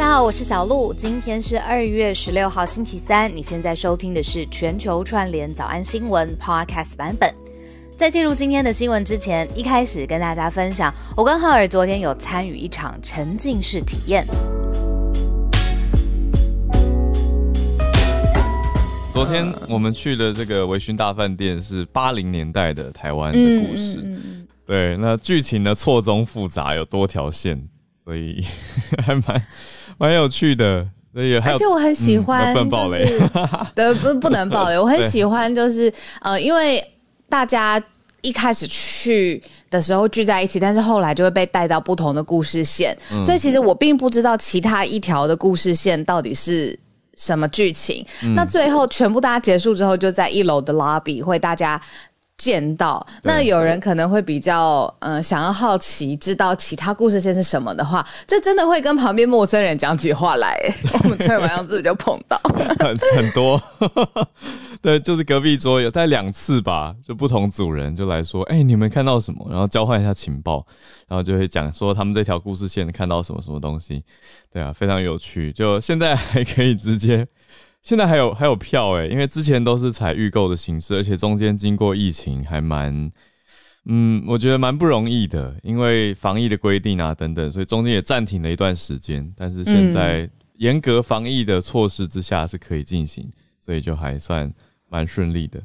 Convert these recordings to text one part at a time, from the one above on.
大家好，我是小路。今天是二月十六號星期三。你現在收聽的是全球串聯早安新聞 Podcast 版本。在進入今天的新聞之前，一開始跟大家分享，我跟浩爾昨天有參與一場沉浸式體驗。昨天我們去的這個微醺大飯店是八零年代的台灣的故事，嗯、對，那劇情呢錯綜複雜，有多條線，所以呵呵還蠻。蠻有趣的，所以還有而且我很喜歡，嗯、能能就是的不不能爆雷， 對 我很喜歡，就是呃，因為大家一開始去的時候聚在一起，但是後來就會被帶到不同的故事線，嗯、所以其實我並不知道其他一條的故事線到底是什麼劇情。嗯、那最後全部大家結束之後，就在一樓的 lobby 會大家。見到，那有人可能會比較嗯、呃、想要好奇知道其他故事線是什麼的話，這真的會跟旁邊陌生人講起話來、欸。我對 們昨天晚上自己就碰到， 很很多？ 對，就是隔壁桌有帶兩次吧，就不同組人就來說，哎、欸，你們看到什麼？然後交換一下情報，然後就會講說他們這條故事線看到什麼什麼東西。對啊，非常有趣。就現在還可以直接。現在還有還有票誒、欸，因為之前都是採預購的形式，而且中間經過疫情還蠻，嗯，我覺得蠻不容易的，因為防疫的規定啊等等，所以中間也暫停了一段時間。但是現在嚴格防疫的措施之下是可以進行，嗯、所以就還算蠻順利的。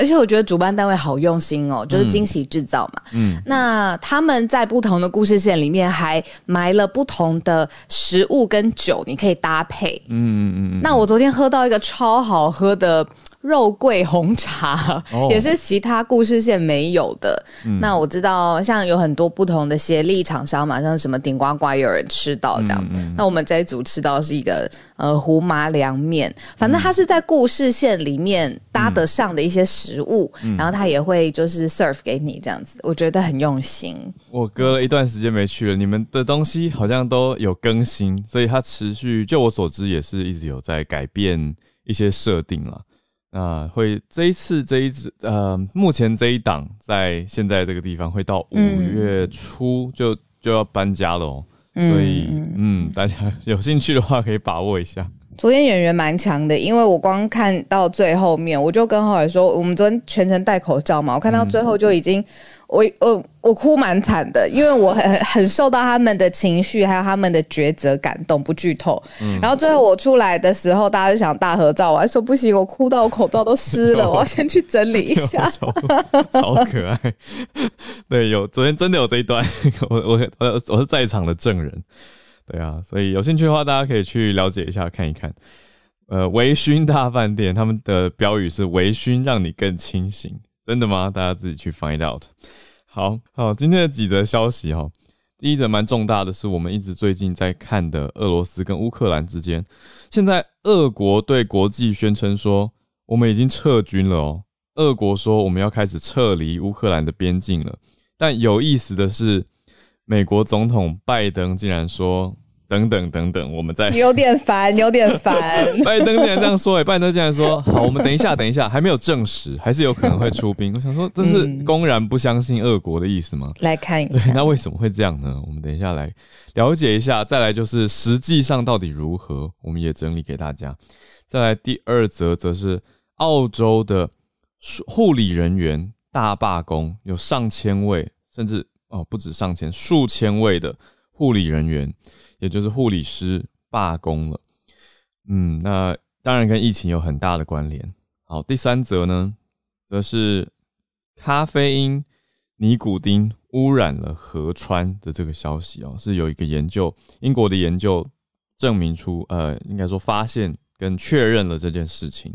而且我覺得主辦單位好用心哦，就是驚喜制造嘛。嗯，嗯，那他們在不同的故事線裡面還埋了不同的食物跟酒，你可以搭配。嗯嗯嗯。那我昨天喝到一個超好喝的。肉桂紅茶、哦，也是其他故事線沒有的。嗯，那我知道，像有很多不同的協力廠商嘛,像什麼頂呱呱有人吃到這樣。嗯嗯，那我們這一組吃到是一個呃胡麻涼麵，反正它是在故事線裡面搭得上的一些食物，嗯，然後它也會就是 serve 給你這樣子，我覺得很用心。我隔了一段時間沒去了，你們的東西好像都有更新，所以它持續，就我所知也是一直有在改變一些設定啦。啊、呃，會這一次，這一次，呃，目前這一檔在現在這個地方會到五月初就、嗯、就，就要搬家了哦，所以嗯，嗯，大家有興趣的話可以把握一下。昨天演員蠻強的，因為我光看到最後面，我就跟浩爾說，我們昨天全程戴口罩嘛，我看到最後就已經，嗯、我我我哭蠻慘的，因為我很很受到他們的情緒還有他們的抉擇感動。不劇透，嗯、然後最後我出來的時候，大家就想大合照，我還說不行，我哭到我口罩都濕了，有我要先去整理一下。超，超可愛， 對，有昨天真的有這一段，我我我我是在場的證人。對啊，所以有興趣的話，大家可以去了解一下看一看。呃，微醺大飯店他們的標語是“微醺讓你更清醒”，真的嗎？大家自己去 find out。好好，今天的幾則消息哈、哦，第一則蠻重大的是，我們一直最近在看的俄羅斯跟烏克蘭之間，現在俄國對國際宣稱說，我們已經撤軍了哦。俄國說我們要開始撤離烏克蘭的邊境了，但有意思的是，美國總統拜登竟然說：“等等等等，我們在有點煩，有點煩。” 拜登竟然這樣說、欸，拜登竟然說：“好，我們等一下，等一下， 還沒有證實，還是有可能會出兵。”我想說，這是公然不相信俄國的意思嗎？嗯、來看一下，那為什麼會這樣呢？我們等一下來了解一下。再來就是實際上到底如何，我們也整理給大家。再來第二則，則是澳洲的護理人員大罷工，有上千位，甚至。哦，不止上千、數千位的護理人員，也就是護理師罷工了。嗯，那當然跟疫情有很大的關聯。好，第三則呢，則是咖啡因、尼古丁污染了河川的這個消息哦，是有一個研究，英國的研究證明出，呃，應該說發現跟確認了這件事情。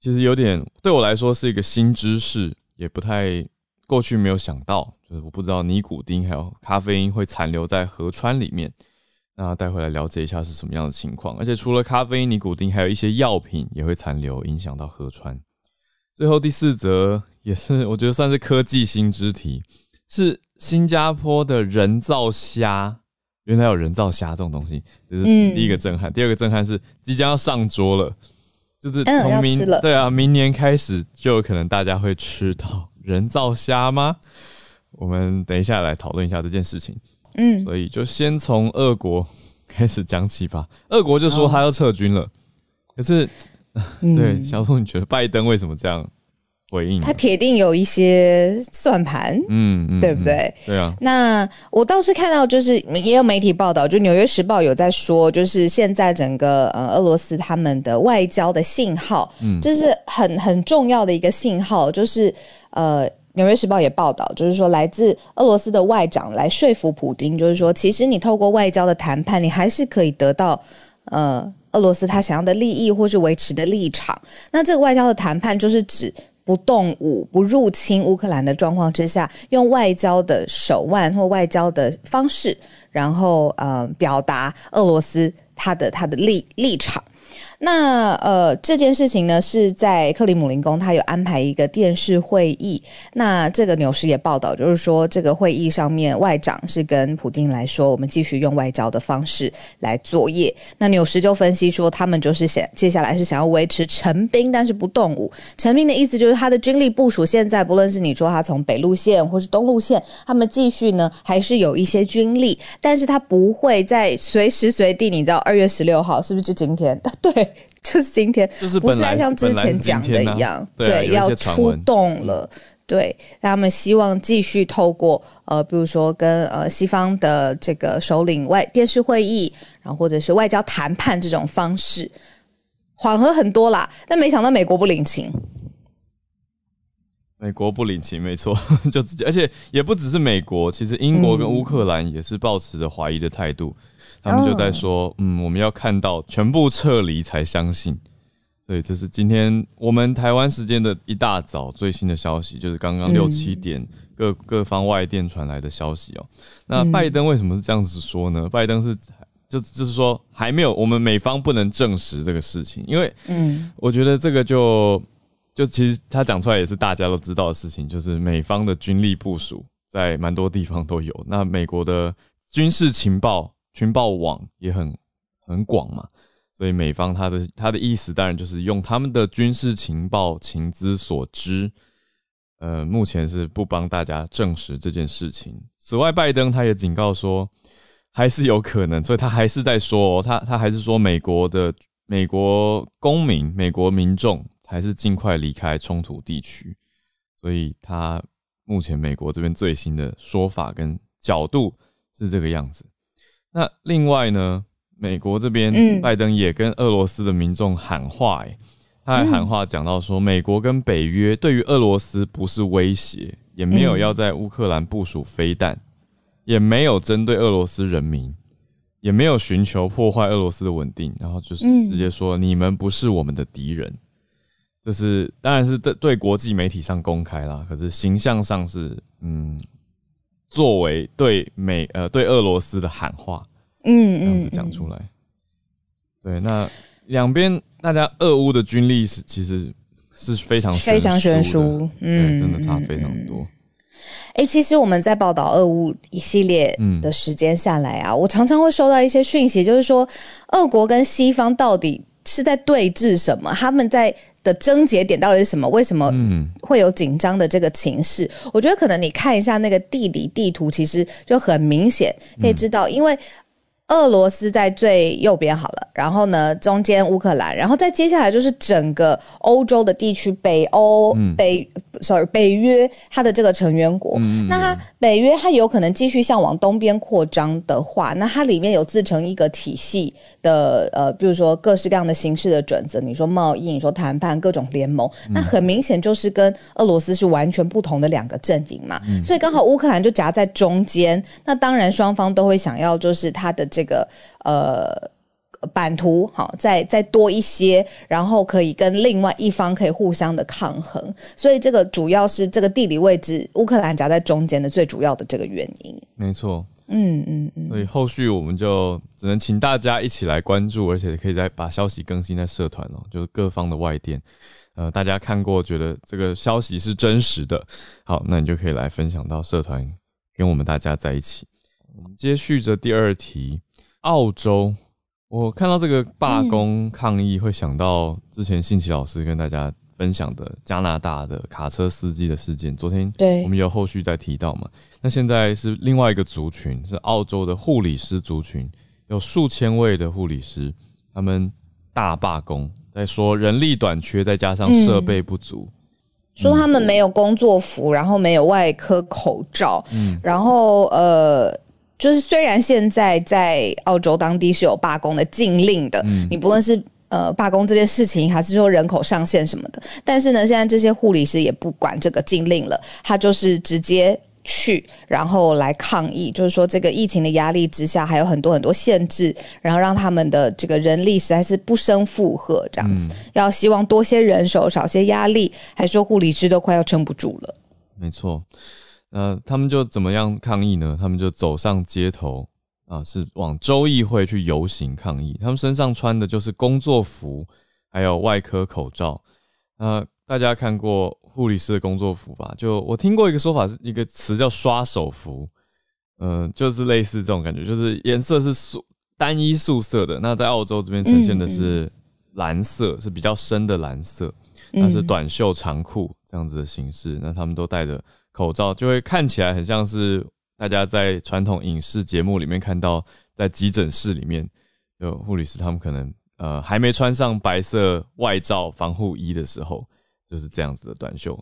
其實有點對我來說是一個新知識，也不太。過去沒有想到，就是我不知道尼古丁還有咖啡因會殘留在河川裡面。那待會來了解一下是什麼樣的情況。而且除了咖啡因、尼古丁，還有一些藥品也會殘留，影響到河川。最後第四則也是，我覺得算是科技新知題，是新加坡的人造蝦。原來有人造蝦這種東西，這、就是第一個震撼。嗯、第二個震撼是即將要上桌了，就是從明、嗯、了對啊，明年開始就可能大家會吃到。人造蝦嗎？我們等一下來討論一下這件事情。嗯，所以就先從俄國開始講起吧。俄國就說他要撤軍了，好可是，嗯、 對，小路，你覺得拜登為什麼這樣？回應他鐵定有一些算盤。嗯，嗯，嗯，對不對？對啊。那我倒是看到，就是也有媒體報道，就《紐約時報》有在說，就是現在整個、呃、俄羅斯他們的外交的信號，嗯，這是很很重要的一個信號。就是呃，《紐約時報》也報道，就是說來自俄羅斯的外長來說服普丁，就是說其實你透過外交的談判，你還是可以得到呃俄羅斯他想要的利益或是維持的立場。那這個外交的談判就是指。不動武、不入侵烏克蘭的狀況之下，用外交的手腕或外交的方式，然後呃，表達俄羅斯他的他的立立場。那呃，這件事情呢，是在克里姆林宮，他有安排一個電視會議。那這個紐時也報道，就是說這個會議上面，外長是跟普丁來說，我們繼續用外交的方式來作業。那紐時就分析說，他們就是想接下來是想要維持陳兵，但是不動武。陳兵的意思就是他的軍力部署現在，不論是你說他從北路線或是東路線，他們繼續呢還是有一些軍力，但是他不會在隨時隨地，你知道二月十六號是不是就今天？ 對。就是今天，就是不是像之前講的一樣，啊對，啊、一對，要出動了。對，他們希望繼續透過呃，比如說跟呃西方的這個首領外電視會議，然後或者是外交談判這種方式緩和很多啦。但沒想到美國不領情，美國不領情，沒錯，就直接，而且也不只是美國，其實英國跟烏克蘭也是抱持着懷疑的態度。嗯他們就在說，oh. 嗯，我們要看到全部撤離才相信。所以這是今天我們台灣時間的一大早最新的消息，就是剛剛六七點各、嗯、各方外電傳來的消息哦、喔。那拜登為什麼是這樣子說呢？嗯、拜登是就就是說還沒有，我們美方不能證實這個事情，因為嗯，我覺得這個就就其實他講出來也是大家都知道的事情，就是美方的軍力部署在蠻多地方都有，那美國的軍事情報。軍報網也很很廣嘛，所以美方他的他的意思當然就是用他們的軍事情報情資所知，呃，目前是不幫大家證實這件事情。此外，拜登他也警告說，還是有可能，所以他還是在說他他還是說美國的美國公民、美國民眾還是儘快離開衝突地區。所以，他目前美國這邊最新的說法跟角度是這個樣子。那另外呢，美國這邊，拜登也跟俄羅斯的民眾喊話、欸，哎、嗯，他還喊話講到說，美國跟北約對於俄羅斯不是威脅，也沒有要在烏克蘭部署飛彈，嗯、也沒有針對俄羅斯人民，也沒有尋求破壞俄羅斯的穩定，然後就是直接說，你們不是我們的敵人，嗯、這是當然是對國際媒體上公開啦，可是形象上是，嗯。作為對美呃對俄羅斯的喊話，嗯，嗯，這樣子講出來，嗯、對，那兩邊大家俄烏的軍力是其實是非常懸殊的，非常懸殊，嗯對，真的差非常多。哎、嗯嗯欸，其實我們在報道俄烏一系列的時間下來啊，嗯、我常常會收到一些訊息，就是說俄國跟西方到底是在對峙什麼？他們在。的症結點到底是什麼？為什麼會有緊張的這個情勢？嗯、我覺得可能你看一下那個地理地圖，其實就很明顯，可以知道，嗯、因為。俄羅斯在最右邊好了，然後呢，中間烏克蘭，然後再接下來就是整個歐洲的地區，北歐，嗯、北，sorry，北約它的這個成員國。嗯、那它北約它有可能繼續向往東邊擴張的話，那它裡面有自成一個體系的，呃，比如說各式各樣的形式的準則，你說貿易，你說談判，各種聯盟，那很明顯就是跟俄羅斯是完全不同的兩個陣營嘛。嗯、所以剛好烏克蘭就夾在中間，那當然雙方都會想要就是它的。這個呃版圖好，哦，再再多一些，然後可以跟另外一方可以互相的抗衡，所以這個主要是這個地理位置，烏克蘭夾在中間的最主要的這個原因。沒錯，嗯嗯嗯，嗯嗯，所以後續我們就只能請大家一起來關注，而且可以再把消息更新在社團哦，就是各方的外電，呃，大家看過覺得這個消息是真實的，好，那你就可以來分享到社團，跟我們大家在一起。我們接續着第二題。澳洲，我看到這個罷工抗議，嗯、會想到之前幸琪老師跟大家分享的加拿大的卡車司機的事件。昨天，對，我們有後續再提到嘛？對那現在是另外一個族群，是澳洲的護理師族群，有數千位的護理師，他們大罷工，在說人力短缺，再加上設備不足，嗯嗯、說他們沒有工作服，然後沒有外科口罩，嗯、然後呃。就是雖然現在在澳洲當地是有罷工的禁令的，嗯、你不論是呃罷工這件事情，還是說人口上限什麼的，但是呢，現在這些護理師也不管這個禁令了，他就是直接去，然後來抗議，就是說這個疫情的壓力之下，還有很多很多限制，然後讓他們的這個人力實在是不勝負荷這樣子，嗯、要希望多些人手，少些壓力，還說護理師都快要撐不住了，沒錯。那、呃、他們就怎麼樣抗議呢？他們就走上街頭啊、呃，是往州議會去遊行抗議。他們身上穿的就是工作服，還有外科口罩。那、呃、大家看過護理師的工作服吧？就我聽過一個說法，是一個詞叫“刷手服”呃。嗯，就是類似這種感覺，就是顏色是素單一素色的。那在澳洲這邊呈現的是藍色，嗯、是比較深的藍色。那是短袖長褲這樣子的形式。那他們都戴着。口罩，就會看起來很像是大家在傳統影視節目裡面看到。在急診室裡面，有護理師他們可能呃還沒穿上白色外罩防護衣的時候，就是這樣子的短袖、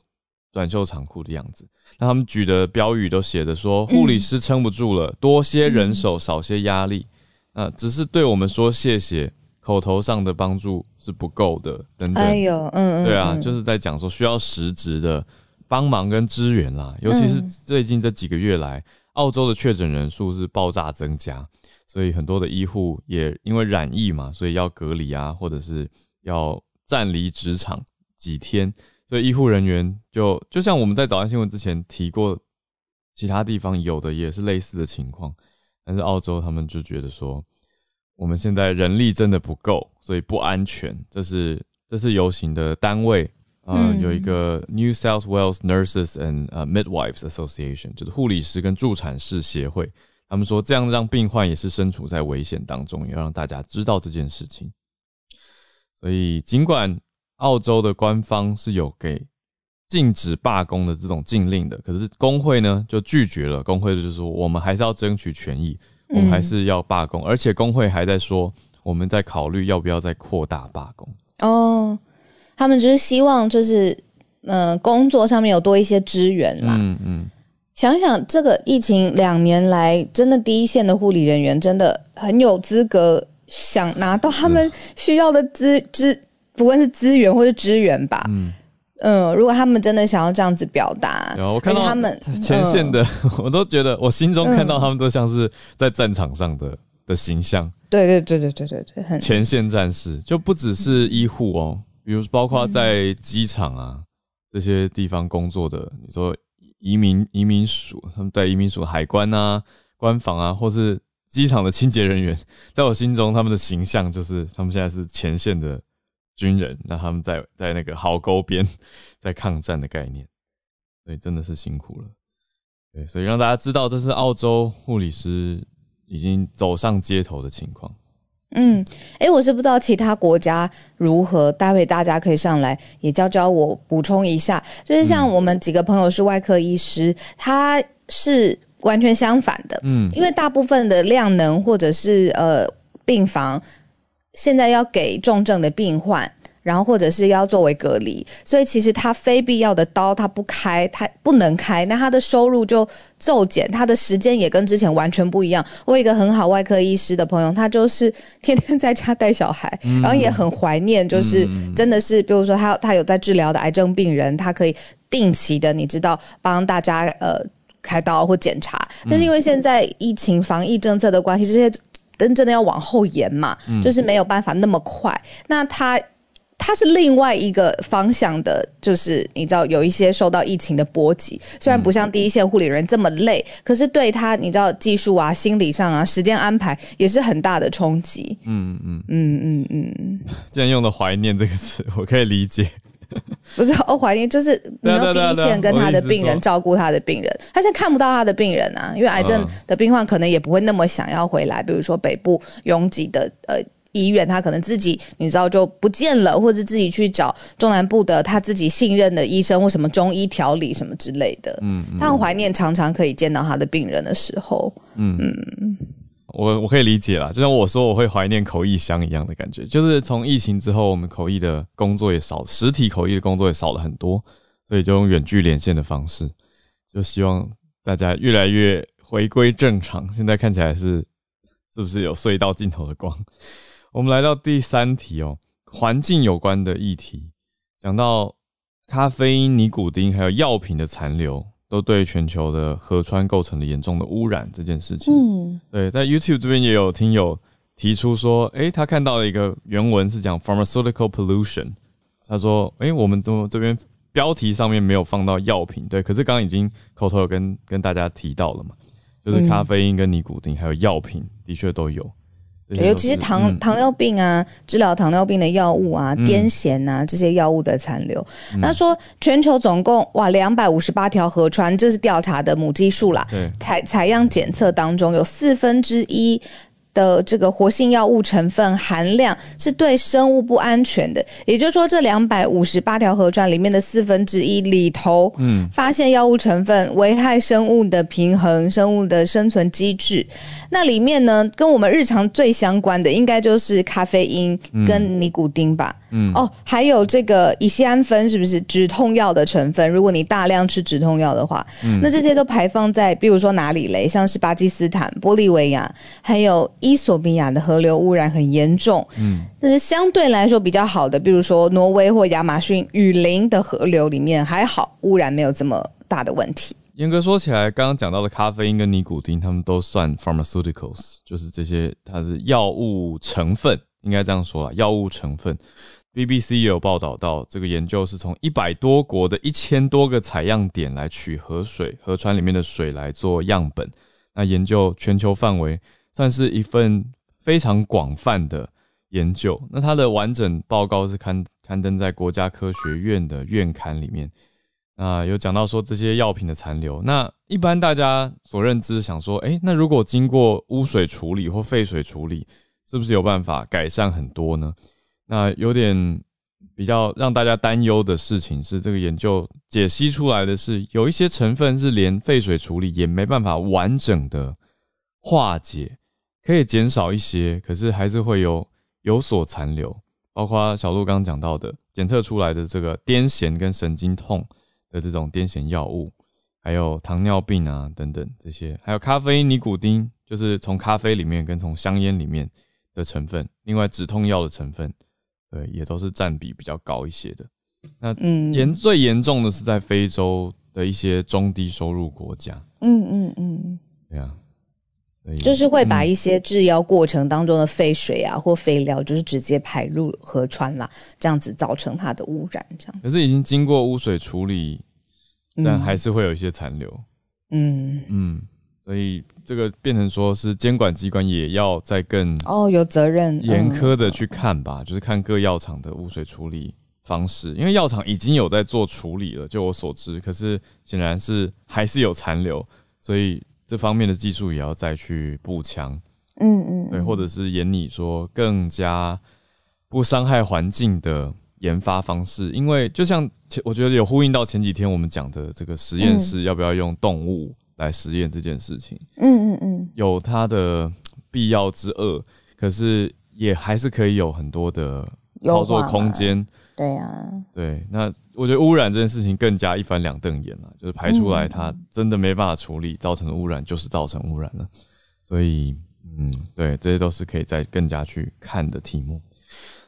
短袖長褲的樣子。那他們舉的標語都寫着說：“護理師撐不住了，多些人手，少些壓力。”啊，只是對我們說謝謝，口頭上的幫助是不夠的，等等。哎呦，嗯嗯，對啊，就是在講說需要實質的幫忙跟支援啦。尤其是最近這幾個月來，嗯、澳洲的確診人數是爆炸增加，所以很多的醫護也因為染疫嘛，所以要隔離啊，或者是要暫離職場幾天，所以醫護人員就就像我們在早安新聞之前提過，其他地方有的也是類似的情況，但是澳洲他們就覺得說，我們現在人力真的不夠，所以不安全，這是這是遊行的單位。呃嗯、有一個 New South Wales Nurses and、uh, Midwives Association，就是護理師跟助產士協會，他們說這樣讓病患也是身處在危險當中，也要讓大家知道這件事情。所以，儘管澳洲的官方是有給禁止罷工的這種禁令的，可是工會呢就拒絕了。工會就是說我們還是要爭取權益，嗯、我們還是要罷工，而且工會還在說我們在考慮要不要再擴大罷工。哦。他們就是希望，就是嗯、呃，工作上面有多一些資源啦。嗯嗯，嗯想想這個疫情兩年來，真的第一線的護理人員真的很有資格想拿到他們需要的資資是，不管是資源或是支援吧。嗯嗯，如果他們真的想要這樣子表達，我看到他們前線的，嗯、我都覺得我心中看到他們都像是在戰場上的、嗯、的形象。對對對對對對對，很前線戰士就不只是醫護哦。比如包括在機場啊、嗯、這些地方工作的，你說移民移民署他們在移民署海關啊、官房啊，或是機場的清潔人員，在我心中他們的形象就是他們現在是前線的軍人，那他們在在那個壕溝邊在抗戰的概念，所以真的是辛苦了，對，所以讓大家知道這是澳洲護理師已經走上街頭的情況。嗯，誒、欸，我是不知道其他國家如何，待會大家可以上來也教教我補充一下，就是像我們幾個朋友是外科醫師，他是完全相反的，嗯，因為大部分的量能或者是呃病房現在要給重症的病患。然後或者是要作為隔離，所以其實他非必要的刀他不開，他不能開，那他的收入就驟減，他的時間也跟之前完全不一樣。我有一個很好外科醫師的朋友，他就是天天在家帶小孩，然後也很懷念，就是真的是，比如說他他有在治療的癌症病人，他可以定期的，你知道幫大家呃開刀或檢查，但是因為現在疫情防疫政策的關係，這些真真的要往後延嘛，就是沒有辦法那麼快。那他。他是另外一個方向的，就是你知道有一些受到疫情的波及，雖然不像第一線護理人這麼累，嗯、可是對他，你知道技術啊、心理上啊、時間安排也是很大的衝擊，嗯嗯。嗯嗯嗯嗯嗯嗯。竟然用的“懷念”這個詞，我可以理解。不是，我、哦、懷念就是你用第一線跟他的病人照顧他的病人，對對對，他現在看不到他的病人啊，因為癌症的病患可能也不會那麼想要回來。嗯、比如說北部擁擠的呃。醫院，他可能自己你知道就不見了，或者自己去找中南部的他自己信任的醫生，或什麼中醫調理什麼之類的。嗯，嗯，他很懷念常常可以見到他的病人的時候。嗯，嗯，我我可以理解啦，就像我說我會懷念口譯箱一樣的感覺，就是從疫情之後，我們口譯的工作也少，實體口譯的工作也少了很多，所以就用遠距連線的方式，就希望大家越來越回歸正常。現在看起來是是不是有隧道盡頭的光？我們來到第三題哦，環境有關的議題，講到咖啡因、尼古丁還有藥品的殘留，都對全球的河川構成了嚴重的污染這件事情。嗯，對，在 YouTube 這邊也有聽友提出說，誒、欸、他看到了一個原文是講 pharmaceutical pollution，他說，誒、欸、我們怎麼這邊標題上面沒有放到藥品？對，可是剛剛已經口頭有跟跟大家提到了嘛，就是咖啡因跟尼古丁還有藥品、嗯、的確都有。尤其是糖、嗯、糖尿病啊，治療糖尿病的藥物啊，癲癇啊這些藥物的殘留。嗯、那說全球總共哇兩百五十八條河川，這是調查的母基數啦。對採採樣檢測當中有四分之一。的這個活性藥物成分含量是對生物不安全的，也就是說，這兩百五十八條河川裡面的四分之一裡頭，嗯，發現藥物成分危害生物的平衡、生物的生存機制。那裡面呢，跟我們日常最相關的應該就是咖啡因跟尼古丁吧。嗯。嗯哦，還有這個乙酰胺酚，是不是止痛藥的成分？如果你大量吃止痛藥的話，嗯、那這些都排放在，比如說哪裡嘞？像是巴基斯坦、玻利維亞，還有。伊索比亞的河流污染很嚴重，嗯，但是相對來說比較好的，比如說挪威或亞馬遜雨林的河流裡面還好，污染沒有這麼大的問題。嚴格說起來，剛剛講到的咖啡因跟尼古丁，他們都算 pharmaceuticals，就是這些它是藥物成分，應該這樣說啦，藥物成分，BBC 也有報道到，這個研究是從一百多國的一千多個採樣點來取河水、河川裡面的水來做樣本，那研究全球範圍。算是一份非常廣泛的研究，那它的完整報告是刊刊登在國家科學院的院刊裡面。啊，有講到說這些藥品的殘留。那一般大家所認知想說，欸，那如果經過污水處理或廢水處理，是不是有辦法改善很多呢？那有點比較讓大家擔憂的事情是，這個研究解析出來的是有一些成分是連廢水處理也沒辦法完整的化解。可以減少一些，可是還是會有有所殘留，包括小路剛講到的檢測出來的這個癲癇跟神經痛的這種癲癇藥物，還有糖尿病啊等等這些，還有咖啡、尼古丁，就是從咖啡裡面跟從香煙裡面的成分，另外止痛藥的成分，對，也都是佔比比較高一些的。那嚴最嚴重的是在非洲的一些中低收入國家。嗯嗯嗯，對啊。對就是會把一些製藥過程當中的廢水啊、嗯、或廢料，就是直接排入河川啦、啊，這樣子造成它的污染。這樣子。可是已經經過污水處理，但還是會有一些殘留。嗯嗯，所以這個變成說是監管機關也要再更哦有責任嚴苛的去看吧，哦嗯、就是看各藥廠的污水處理方式，因為藥廠已經有在做處理了，就我所知，可是顯然是還是有殘留，所以。這方面的技術也要再去補強。嗯，嗯嗯，對，或者是研擬說更加不傷害環境的研發方式，因為就像前我覺得有呼應到前幾天我們講的這個實驗室、嗯、要不要用動物來實驗這件事情，嗯嗯嗯，有它的必要之惡，可是也還是可以有很多的。操作空間，對呀，啊，對，那我覺得污染這件事情更加一翻兩瞪眼了，就是排出來它真的沒辦法處理，造成的污染就是造成污染了，所以，嗯，對，這些都是可以再更加去看的題目。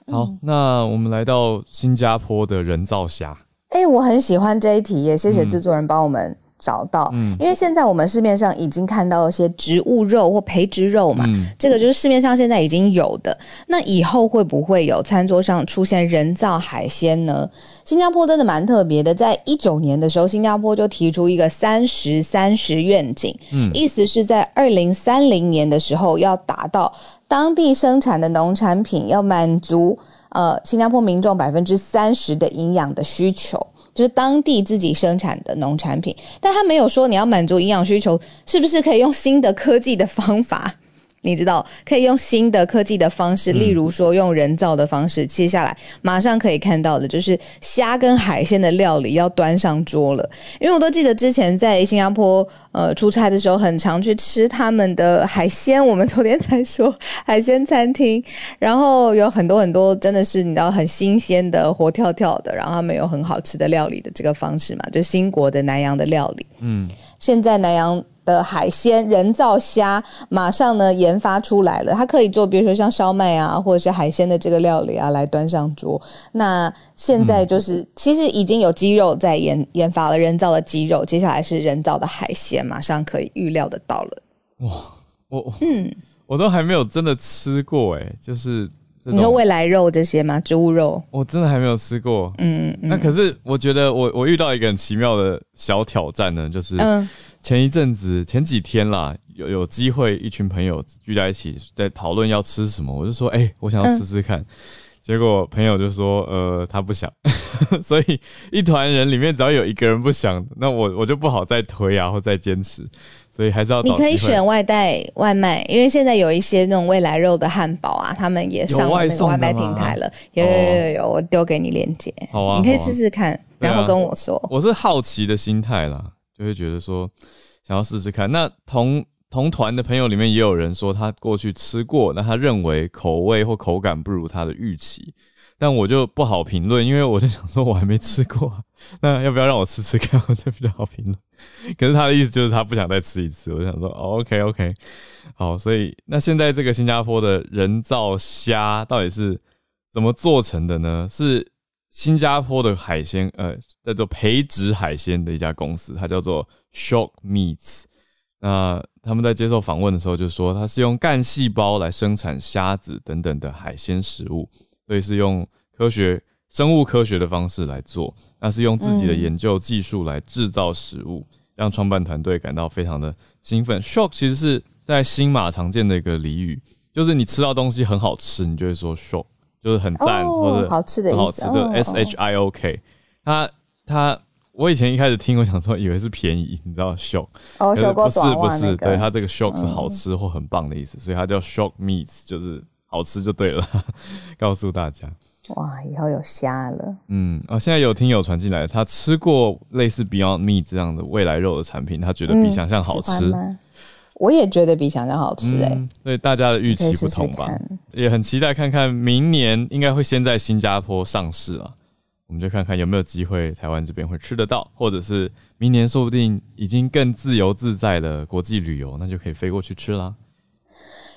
好，嗯，那我們來到新加坡的人造蝦，哎，欸，我很喜歡這一題，耶，謝謝製作人幫我們。嗯找到，嗯，因為現在我們市面上已經看到一些植物肉或培植肉嘛，嗯，這個就是市面上現在已經有的。那以後會不會有餐桌上出現人造海鮮呢？新加坡真的蠻特別的，在一九年的時候，新加坡就提出一個三十三十願景，嗯，意思是在二零三零年的時候，要達到當地生產的農產品，要滿足，呃，新加坡民眾百分之三十的營養的需求。就是當地自己生產的農產品，但他沒有說你要滿足營養需求，是不是可以用新的科技的方法？你知道可以用新的科技的方式，例如說用人造的方式。接下來馬上可以看到的就是蝦跟海鮮的料理要端上桌了，因為我都記得之前在新加坡呃出差的時候，很常去吃他們的海鮮。我們昨天才說海鮮餐廳，然後有很多很多真的是你知道很新鮮的活跳跳的，然後他們有很好吃的料理的這個方式嘛，就新國的南洋的料理。嗯，現在南洋的海鮮人造蝦馬上呢研發出來了，它可以做比如說像燒賣啊，或者是海鮮的這個料理啊來端上桌。那現在就是、嗯、其實已經有雞肉在研研發了，人造的雞肉，接下來是人造的海鮮，馬上可以預料得到了。哇，我、嗯、我都還沒有真的吃過哎、欸，就是你說未來肉這些嗎？植物肉，我真的還沒有吃過。嗯那、嗯、可是我覺得我我遇到一個很奇妙的小挑戰呢，就是、嗯前一陣子，前幾天啦，有有機會，一群朋友聚在一起在討論要吃什麼，我就說，哎、欸，我想要吃吃看。嗯、結果朋友就說，呃，他不想， 所以一團人裡面只要有一個人不想，那我我就不好再推然、啊、後再堅持，所以還是要。你可以選外帶外賣，因為現在有一些那種未來肉的漢堡啊，他們也上外賣平台了，有，有有有有有，啊、我丟給你鏈接、啊啊，好啊，你可以試試看，然後跟我說、啊。我是好奇的心態啦。就會覺得說，想要試試看。那同同團的朋友裡面也有人說，他過去吃過，那他認為口味或口感不如他的預期。但我就不好評論，因為我就想說，我還沒吃過，那要不要讓我吃吃看，我才比較好評論。可是他的意思就是他不想再吃一次。我想說，哦，OK OK，好，所以那現在這個新加坡的人造蝦到底是怎麼做成的呢？是，新加坡的海鮮，呃，在做培植海鮮的一家公司，它叫做 Shock Meats。那他們在接受訪問的時候就說，它是用幹細胞來生產蝦子等等的海鮮食物，所以是用科學、生物科學的方式來做。那是用自己的研究技術來制造食物，嗯、讓創辦團隊感到非常的興奮。Shock 其實是在新馬常見的一個俚語，就是你吃到東西很好吃，你就會說 Shock。就是很贊、哦、或者好吃，好吃的意思。好吃的 S H I O、哦、K，、哦、他他我以前一開始聽，我想說以為是便宜，你知道 shock，、哦、我說過、不是不是，那個、對他這個 shock、嗯、是好吃或很棒的意思，所以它叫 shock meats，就是好吃就對了。 告訴大家，哇，以後有蝦了。嗯哦、啊、現在有聽友傳進來，他吃過類似 Beyond Meat 這樣的未來肉的產品，他覺得比想象好吃、嗯。我也覺得比想象好吃哎、欸嗯，所以大家的預期不同吧。也很期待看看明年應該會先在新加坡上市啊，我們就看看有沒有機會台灣這邊會吃得到，或者是明年說不定已經更自由自在的國際旅遊，那就可以飛過去吃啦。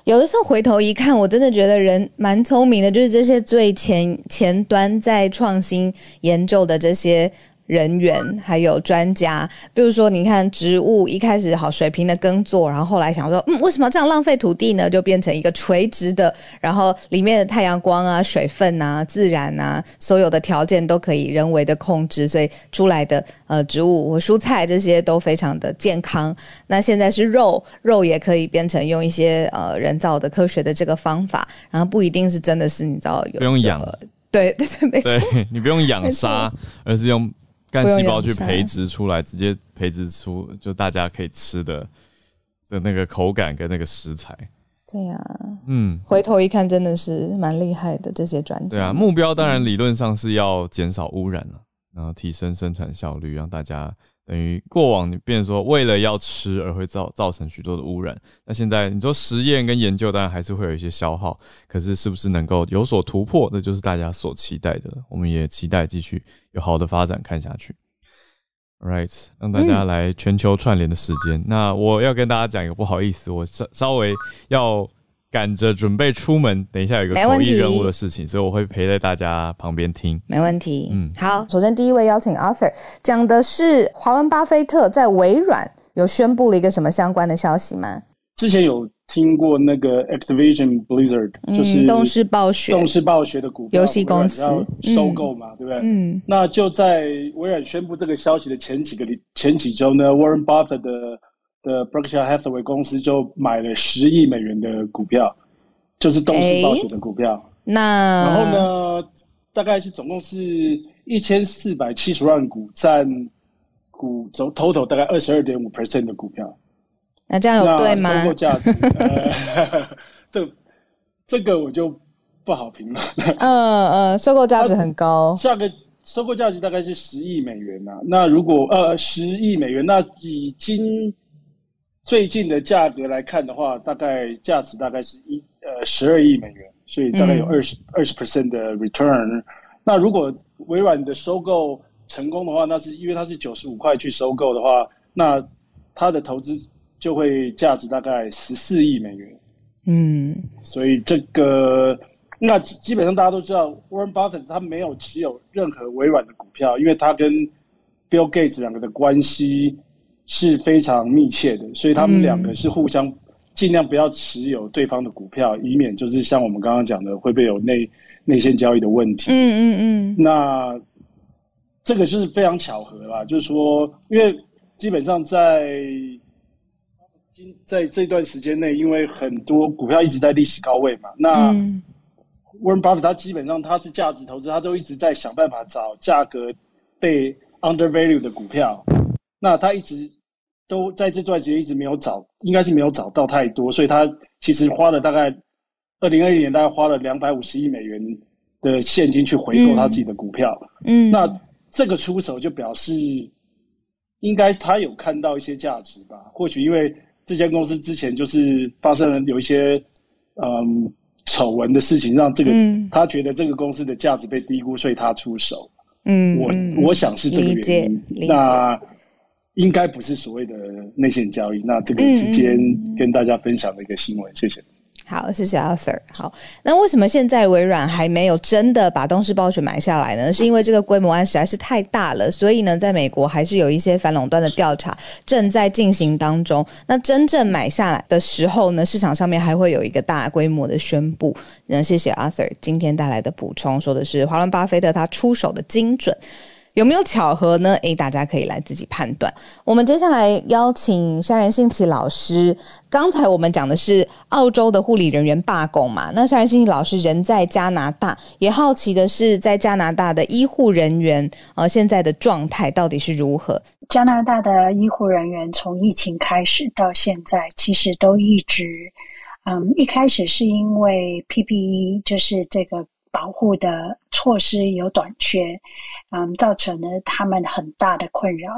有的時候回頭一看，我真的覺得人蠻聰明的，就是這些最前前端在創新研究的這些。人員還有專家，比如說，你看植物一開始好水平的耕作，然後後來想說，嗯，為什麼這樣浪費土地呢？就變成一個垂直的，然後裡面的太陽光啊、水分啊、自然啊，所有的條件都可以人為的控制，所以出來的呃植物和蔬菜這些都非常的健康。那現在是肉，肉也可以變成用一些呃人造的科學的這個方法，然後不一定是真的是你知道有的，不用養、呃，對對對，沒錯，你不用養蝦，沒錯 而是用。幹細胞去培植出來，用用直接培植出就大家可以吃的的那個口感跟那個食材。對呀，啊，嗯，回頭一看真的是蠻厲害的這些專家。對啊，目標當然理論上是要減少污染了，啊，嗯、然後提升生產效率，讓大家。等於過往，你變成說為了要吃而會造造成許多的污染。那現在你說實驗跟研究，當然還是會有一些消耗。可是是不是能夠有所突破，那就是大家所期待的。我們也期待繼續有好的發展，看下去。Alright，讓大家來全球串聯的時間。嗯、那我要跟大家講一個不好意思，我稍稍微要。趕着準備出門，等一下有一個會議人物的事情，所以我會陪在大家旁邊聽。沒問題，嗯，好。首先，第一位邀請 Arthur 講的是沃倫·巴菲特在微軟有宣布了一個什麼相關的消息嗎？之前有聽過那個 Activision Blizzard、嗯、就是動視暴雪，動視暴雪的股票遊戲公司要收購嘛，嗯、對不對？嗯。那就在微軟宣布這個消息的前幾個禮前幾周呢，Warren Buffett 的。的 Berkshire Hathaway 公司就買了十億美元的股票，Okay? 就是動視暴雪的股票。那然後呢，大概是總共是一千四百七十萬股，佔股，占股總 total 大概二十二點五 percent 的股票。那、啊、這樣有對嗎？收購價值，這個、這個我就不好評了。嗯 嗯、呃呃，收購價值很高，啊、下個收購價值大概是十億美元吶、啊。那如果呃十億美元，那已經。最近的價格來看的話，大概價值大概是一呃十二億美元，所以大概有二十二十 percent 的 return。嗯、那如果微軟的收購成功的話，那是因為它是九十五塊去收購的話，那它的投資就會價值大概十四億美元。嗯，所以這個那基本上大家都知道，Warren Buffett 他沒有持有任何微軟的股票，因為他跟 Bill Gates 兩個的關係。是非常密切的，所以他們兩個是互相盡量不要持有對方的股票，嗯、以免就是像我們剛剛講的，會不會有內內線交易的問題？嗯嗯嗯。那這個就是非常巧合啦，就是說，因為基本上在今在這段時間內，因為很多股票一直在歷史高位嘛，那、嗯、Warren Buffett 他基本上他是價值投資，他都一直在想辦法找價格被 undervalue 的股票，那他一直，都在這段時間一直沒有找，應該是沒有找到太多，所以他其實花了大概二零二一年，大概花了兩百五十億美元的現金去回購他自己的股票。嗯，嗯，那這個出手就表示應該他有看到一些價值吧？或許因為這間公司之前就是發生了有一些嗯醜聞的事情，讓這個、嗯、他覺得這個公司的價值被低估，所以他出手。嗯，嗯，我我想是這個原因。那應該不是所謂的內線交易，那這個之間跟大家分享的一個新聞，嗯、謝謝。好，謝謝 Arthur。好，那為什麼現在微軟還沒有真的把動視暴雪買下來呢？是因為這個規模案實在是太大了，所以呢，在美國還是有一些反壟斷的調查正在進行當中。是那真正買下來的時候呢，市場上面還會有一個大規模的宣布。那謝謝 Arthur，今天帶來的補充，說的是，華倫巴菲特他出手的精準。有沒有巧合呢？誒，大家可以來自己判斷。我們接下來邀請山人幸琪老師。剛才我們講的是澳洲的護理人員罷工嘛？那山人幸琪老師人在加拿大，也好奇的是，在加拿大的醫護人員呃，現在的狀態到底是如何？加拿大的醫護人員從疫情開始到現在，其實都一直……嗯，一開始是因為 PPE 就是這個。保護的措施有短缺，嗯，造成了他們很大的困擾。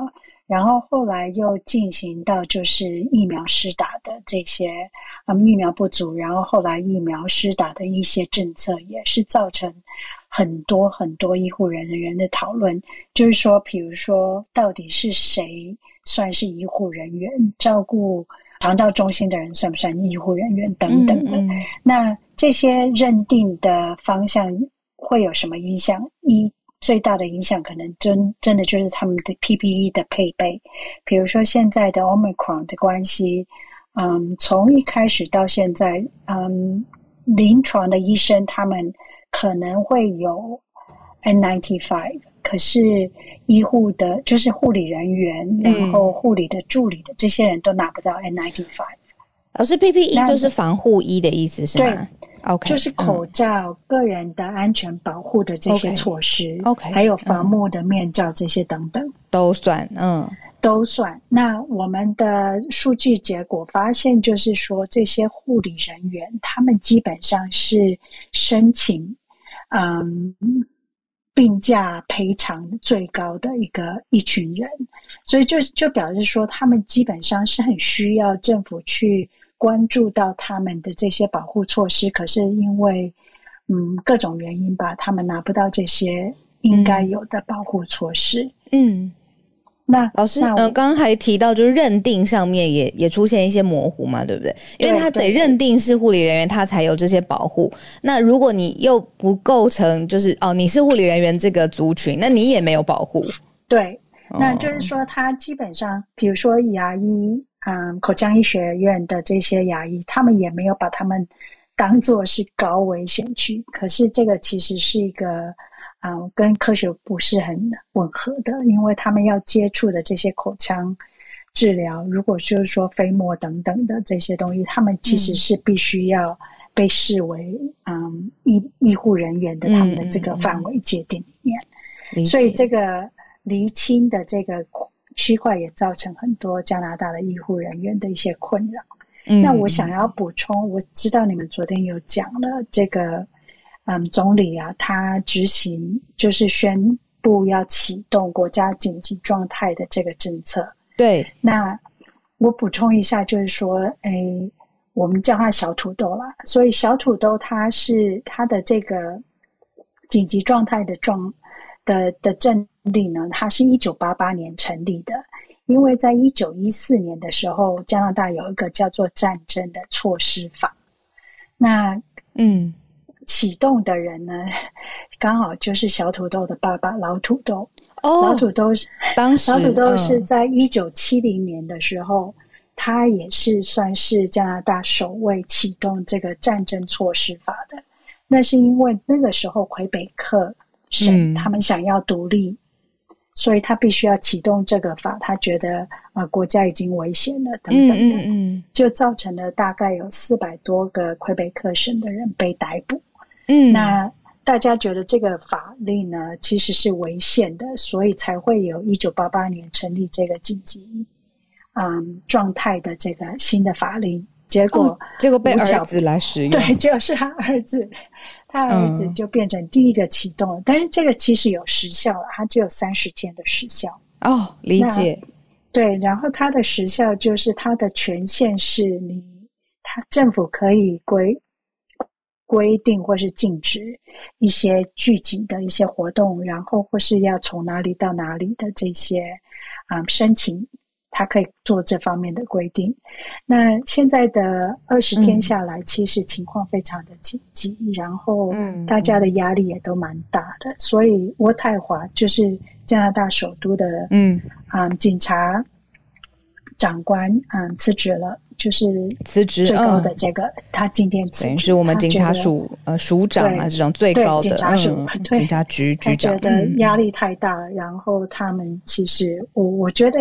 然後後來又進行到就是疫苗施打的這些，嗯，疫苗不足。然後後來疫苗施打的一些政策也是造成很多很多醫護人員的討論，就是說，比如說，到底是誰算是醫護人員？照顧長照中心的人算不算醫護人員？等等的嗯嗯那，這些認定的方向會有什麼影響？一最大的影響可能真真的就是他們的 PPE 的配備，比如說現在的 Omicron 的關係，嗯，從一開始到現在，嗯，臨床的醫生他們可能會有 N95，可是醫護的，就是護理人員，然後護理的助理的這些人都拿不到 N95。老師，PPE 就是防護衣的意思那是嗎？對，OK，就是口罩、嗯、個人的安全保護的這些措施，OK，OK，還有防護的面罩這些等等、嗯、都算，嗯，都算。那我們的數據結果發現，就是說這些護理人員他們基本上是申請，嗯，病假賠償最高的一個一群人，所以就就表示說，他們基本上是很需要政府去。關注到他們的這些保護措施，可是因為嗯各種原因吧，他們拿不到這些應該有的保護措施。嗯，嗯那老師，嗯那我，呃、剛剛還提到，就是認定上面也也出現一些模糊嘛，對不對？因為他得認定是護理人員，他才有這些保護。對對對，那如果你又不構成，就是哦，你是護理人員這個族群，那你也沒有保護。對，那就是說，他基本上，哦、比如說牙醫。嗯，口腔醫學院的這些牙醫，他們也沒有把他們當作是高危險區。可是，這個其實是一個嗯跟科學不是很吻合的，因為他們要接觸的這些口腔治療，如果就是說飛沫等等的這些東西，他們其實是必須要被視為嗯，醫醫護人員的他們的這個範圍界定裡面。嗯嗯嗯所以，這個釐清的這個。區塊也造成很多加拿大的醫護人員的一些困擾。嗯。那我想要補充，我知道你們昨天有講了這個，嗯，總理啊，他執行就是宣布要啟動國家緊急狀態的這個政策。對，那我補充一下，就是說，哎，我們叫他小土豆啦，所以小土豆它是它的這個緊急狀態的狀。的的成立呢，它是一九八八年成立的，因為在一九一四年的時候，加拿大有一個叫做戰爭的措施法。那嗯，啟動的人呢，剛好就是小土豆的爸爸老土豆。哦，oh, 老土豆當時，老土豆是在一九七零年的時候，嗯、他也是算是加拿大首位啟動這個戰爭措施法的。那是因為那個時候魁北克。是，他們想要獨立，嗯、所以他必須要啟動這個法。他覺得啊、呃，國家已經危險了，等等、嗯嗯嗯、就造成了大概有四百多個魁北克省的人被逮捕。嗯，那大家覺得這個法令呢，其實是違憲的，所以才會有一九八八年成立這個緊急啊狀態的這個新的法令。結果，哦、結果被兒子來使用，對，就是他兒子。他兒子就變成第一個啟動了，嗯、但是這個其實有時效了，它只有三十天的時效。哦，理解。對，然後它的時效就是它的權限是你，他政府可以規規定或是禁止一些聚集的一些活動，然後或是要從哪裡到哪裡的這些啊、嗯、申請。他可以做這方面的規定。那現在的二十天下來，其實情況非常的緊急，嗯、然後大家的壓力也都蠻大的。嗯嗯、所以渥太華就是加拿大首都的，嗯啊、嗯，警察長官啊辭職了，就是辭職最高的這個，嗯、他今天辭職，是我們警察署、呃、署長啊對這種最高的對警察署、嗯、對警察局局長，他覺得壓力太大，然後他們其實我我覺得。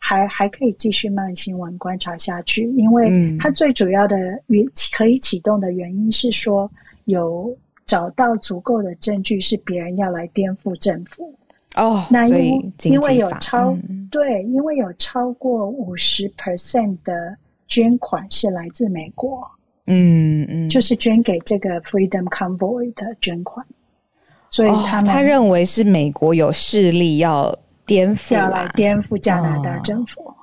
還還可以繼續慢新聞觀察下去，因為它最主要的原可以啟動的原因是說有找到足夠的證據是別人要來顛覆政府哦，那因為所以因為有超、嗯、對，因為有超過五十 percent 的捐款是來自美國，嗯嗯，嗯就是捐給這個 Freedom Convoy 的捐款，所以他們、哦、他認為是美國有勢力要。顛覆、啊、要來顛覆加拿大政府，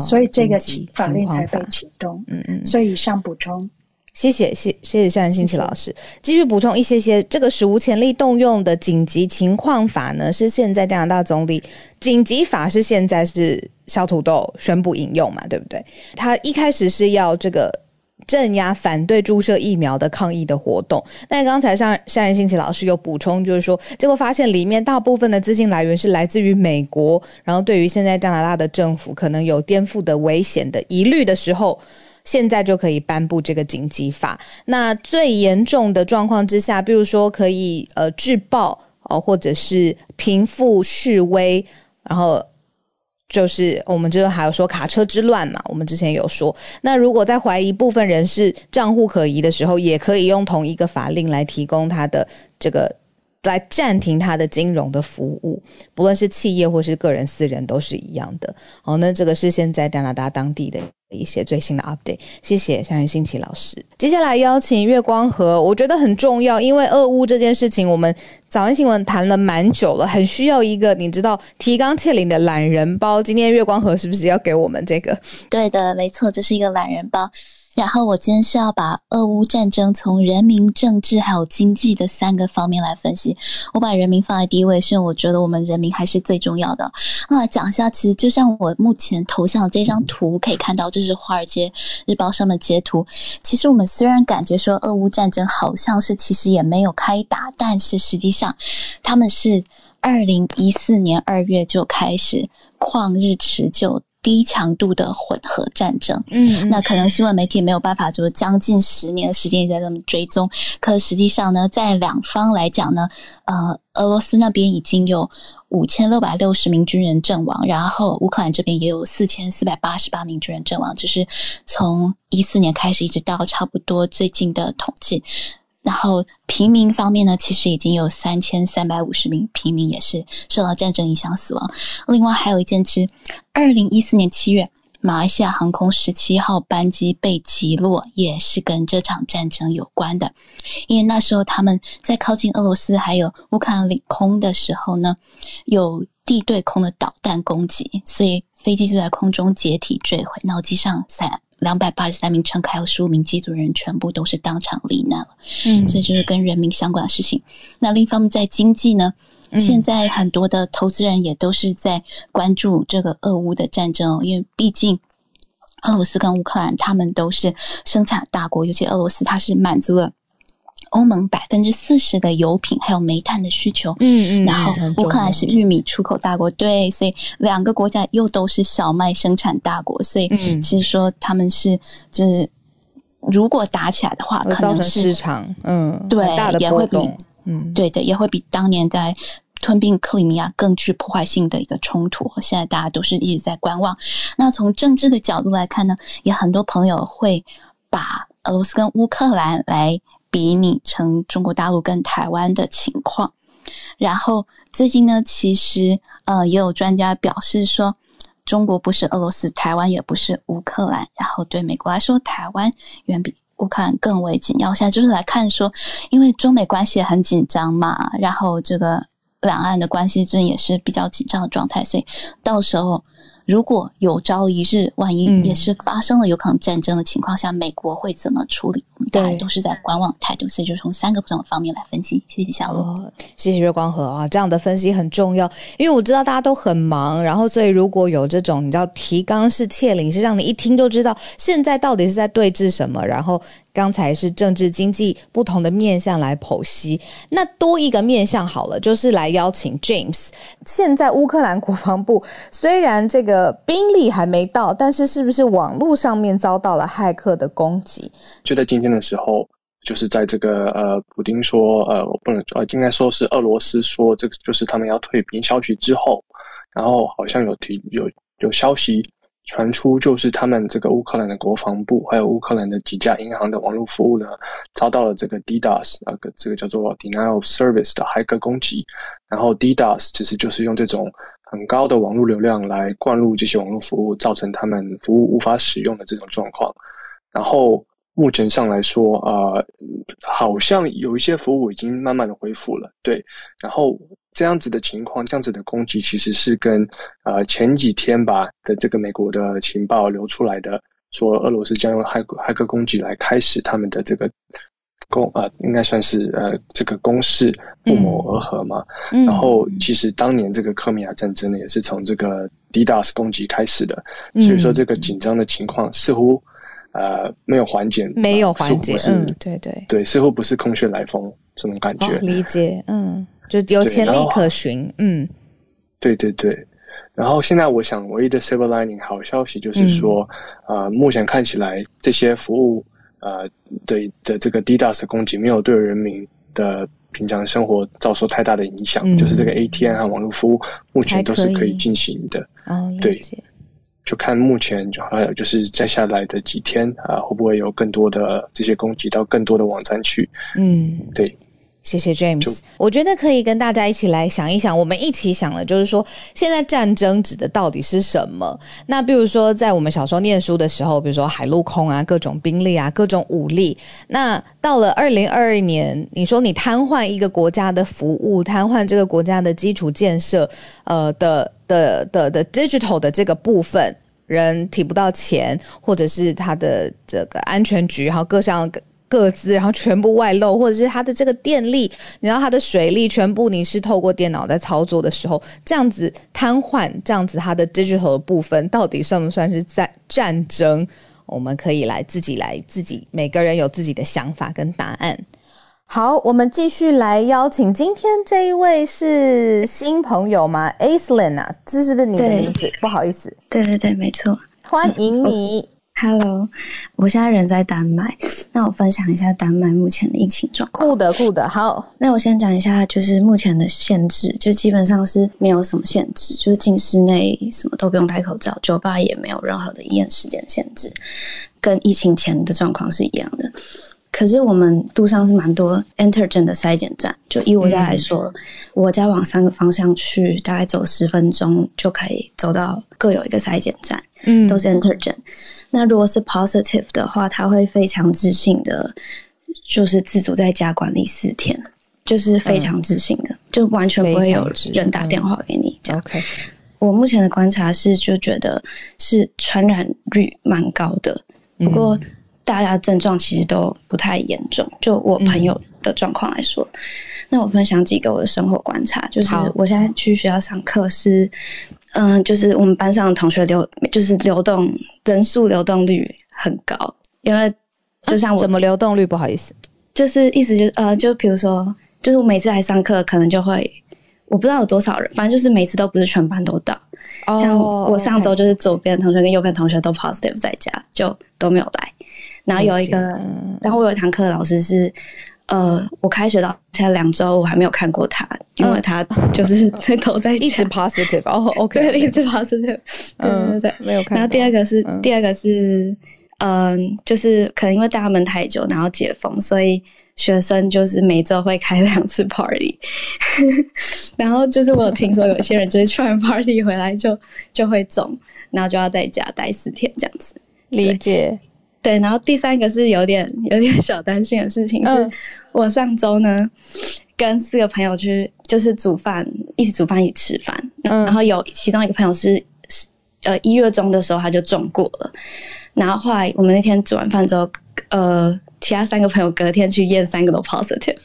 所以這個法令才被啟動。嗯、哦、嗯，所以以上補充，謝謝謝謝謝謝幸琪老師謝謝，繼續補充一些些這個史無前例動用的緊急情況法呢，是現在加拿大總理緊急法是現在是小土豆宣布引用嘛，對不對？他一開始是要這個。鎮壓反對注射疫苗的抗議的活動。那剛才上上一星期老師有補充，就是說，結果發現裡面大部分的資金來源是來自於美國。然後，對於現在加拿大的政府可能有顛覆的危險的疑慮的時候，現在就可以頒布這個緊急法。那最嚴重的狀況之下，比如說可以呃制暴，哦、呃，或者是平復示威，然後。就是我們這個還有說卡車之亂嘛，我們之前有說，那如果在懷疑部分人是賬戶可疑的時候，也可以用同一個法令來提供他的這個來暫停他的金融的服務，不論是企業或是個人私人都是一樣的。好、哦，那這個是現在加拿大當地的。一些最新的 update，謝謝幸琪老師。接下來邀請月光河，我覺得很重要，因為俄烏這件事情，我們早安新聞談了蠻久了，很需要一個你知道提綱挈領的懶人包。今天月光河是不是要給我們這個？對的，沒錯，這是一個懶人包。然後我今天是要把俄烏戰爭從人民、政治還有經濟的三個方面來分析。我把人民放在第一位，是我覺得我們人民還是最重要的。那講一下，其實就像我目前頭像的這張圖可以看到，這是《華爾街日報》上的截圖。其實我們雖然感覺說俄烏戰爭好像是其實也沒有開打，但是實際上他們是二零一四年二月就開始曠日持久。低強度的混合戰爭，嗯、mm，hmm. 那可能新聞媒體沒有辦法，就是將近十年的時間也在那麼追蹤。可實際上呢，在兩方來講呢，呃，俄羅斯那邊已經有五千六百六十名軍人陣亡，然後烏克蘭這邊也有四千四百八十八名軍人陣亡，就是從一四年開始一直到差不多最近的統計。然後平民方面呢，其實已經有三千三百五十名平民也是受到戰爭影響死亡。另外還有一件事，二零一四年七月，馬來西亞航空十七號班機被擊落，也是跟這場戰爭有關的。因為那時候他們在靠近俄羅斯還有烏克蘭領空的時候呢，有地對空的導彈攻擊，所以飛機就在空中解體墜毀，然後機上散，兩百八十三名乘客還有十五名機組人全部都是當場罹難了，嗯，所以就是跟人民相關的事情。那另一方面，在經濟呢，嗯、現在很多的投資人也都是在關注這個俄烏的戰爭哦，因為畢竟俄羅斯跟烏克蘭他們都是生產大國，尤其俄羅斯它是滿足了。歐盟百分之四十的油品還有煤炭的需求，嗯嗯，嗯然後烏克蘭是玉米出口大國，嗯、對，所以兩個國家又都是小麥生產大國，所以其實說他們是就是，如果打起來的話，嗯、可能是市場，嗯，對，大也會比，嗯，對的，也會比當年在吞併克里米亞更具破壞性的一個衝突。現在大家都是一直在觀望。那從政治的角度來看呢，也很多朋友會把俄羅斯跟烏克蘭來。比擬成中國大陸跟台灣的情況，然後最近呢，其實呃也有專家表示說，中國不是俄羅斯，台灣也不是烏克蘭，然後對美國來說，台灣遠比烏克蘭更為緊要。現在就是來看說，因為中美關係也很緊張嘛，然後這個兩岸的關係最近也是比較緊張的狀態，所以到時候。如果有朝一日，萬一也是發生了有可能戰爭的情況下，嗯、美國會怎麼處理？我們大概都是在觀望態度，所以對就是、從三個不同的方面來分析。謝謝小路、哦，謝謝月光河啊，這樣的分析很重要，因為我知道大家都很忙，然後所以如果有這種你知道提綱挈領，是讓你一聽就知道現在到底是在對峙什麼，然後。剛才是政治經濟不同的面向來剖析，那多一個面向好了，就是來邀請 James。現在烏克蘭國防部雖然這個兵力還沒到，但是是不是網絡上面遭到了駭客的攻擊？就在今天的時候，就是在這個呃，普丁說呃，我不能說，應該說是俄羅斯說這個就是他們要退兵消息之後，然後好像有提有有消息。傳出就是他們這個烏克蘭的國防部，還有烏克蘭的幾家銀行的網路服務呢，遭到了這個 DDoS 這個叫做 Denial of Service 的駭客攻擊。然後 DDoS 其實就是用這種很高的網路流量來灌入這些網路服務，造成他們服務無法使用的這種狀況。然後目前上來說啊、呃，好像有一些服務已經慢慢的恢復了。對，然後。這樣子的情況，這樣子的攻擊，其實是跟呃前幾天吧的這個美國的情報流出來的，說俄羅斯將用駭駭客攻擊來開始他們的這個攻呃，應該算是呃這個攻勢不謀而合嘛。嗯、然後其實當年這個克米亞戰爭呢，也是從這個 DDoS 攻擊開始的，嗯、所以說這個緊張的情況似乎呃沒有緩解，沒有緩解，緩解呃、嗯，對對對,對，似乎不是空穴來風這種感覺，哦、理解，嗯。就是有前例可循，嗯，對對對。然後現在，我想唯一的 silver lining 好消息就是說，啊、嗯呃，目前看起來這些服務，呃，對的這個 DDoS 的攻擊沒有對人民的平常生活造成太大的影響，嗯、就是這個 ATM 和網絡服務目前都是可以進行的。哦，對。就看目前，還有就是接下來的幾天，啊、呃，會不會有更多的這些攻擊到更多的網站去？嗯，對。謝謝 James。我覺得可以跟大家一起來想一想，我們一起想了，就是說，現在戰爭指的到底是什麼？那比如說，在我們小時候念書的時候，比如說海陸空啊，各種兵力啊，各種武力。那到了二零二二年，你說你癱瘓一個國家的服務，癱瘓這個國家的基礎建設，呃的的的的 digital 的這個部分，人提不到錢，或者是他的這個安全局還有各項。各自，然後全部外露，或者是它的這個電力，然後它的水力全部你是透過電腦在操作的時候，這樣子癱瘓，這樣子它的 digital 部分到底算不算是戰戰爭？我們可以來自己來自己，每個人有自己的想法跟答案。好，我們繼續來邀請今天這一位是新朋友嗎？Acelynn 啊，這是不是你的名字？對不好意思，對對對，沒錯，歡迎你。哦 Hello，我現在人在丹麥，那我分享一下丹麥目前的疫情狀況。酷的酷的，好，那我先講一下，就是目前的限制，就基本上是沒有什麼限制，就是進室內什麼都不用戴口罩，酒吧也沒有任何的營業時間限制，跟疫情前的狀況是一樣的。可是我們路上是蠻多 antigen 的篩檢站，就以我家來說，嗯、我家往三個方向去，大概走十分鐘就可以走到各有一個篩檢站，嗯，都是 antigen。那如果是 positive 的話，他會非常自信的，就是自主在家管理四天，就是非常自信的，嗯、就完全不會有人打電話給你。嗯嗯、OK，我目前的觀察是，就覺得是傳染率蠻高的，不過，嗯大家的症狀其實都不太嚴重，就我朋友的狀況來說，嗯、那我分享幾個我的生活觀察，就是我現在去學校上課是，嗯好、呃，就是我們班上的同學流就是流動人數流動率很高，因為就像我。啊、怎麼流動率不好意思，就是意思就是呃，就比如說就是我每次來上課可能就會我不知道有多少人，反正就是每次都不是全班都到，哦、像我上周就是左邊同學跟右邊同學都 positive 在家就都沒有來。然後有一個，理解。然後我有一堂課的老師是，嗯、呃，我開學到現在兩週，我還沒有看過他，嗯、因為他就是在頭在 一直 positive 哦、 oh，OK，一直 positive、嗯、對對對，沒有看。然後第二個是、嗯、第二個是，嗯、呃，就是可能因為大門太久，然後解封，所以學生就是每週會開兩次 party， 然後就是我聽說有些人就是去完 party 回來就就會腫，然後就要在家待四天這樣子，理解。對，然後第三個是有點有點小擔心的事情，嗯、是我上周呢跟四個朋友去，就是煮飯一起煮飯一起吃飯，嗯、然後有其中一個朋友是呃一月中的時候他就中過了，然後後來我們那天煮完飯之後，呃，其他三個朋友隔天去驗，三個都 positive，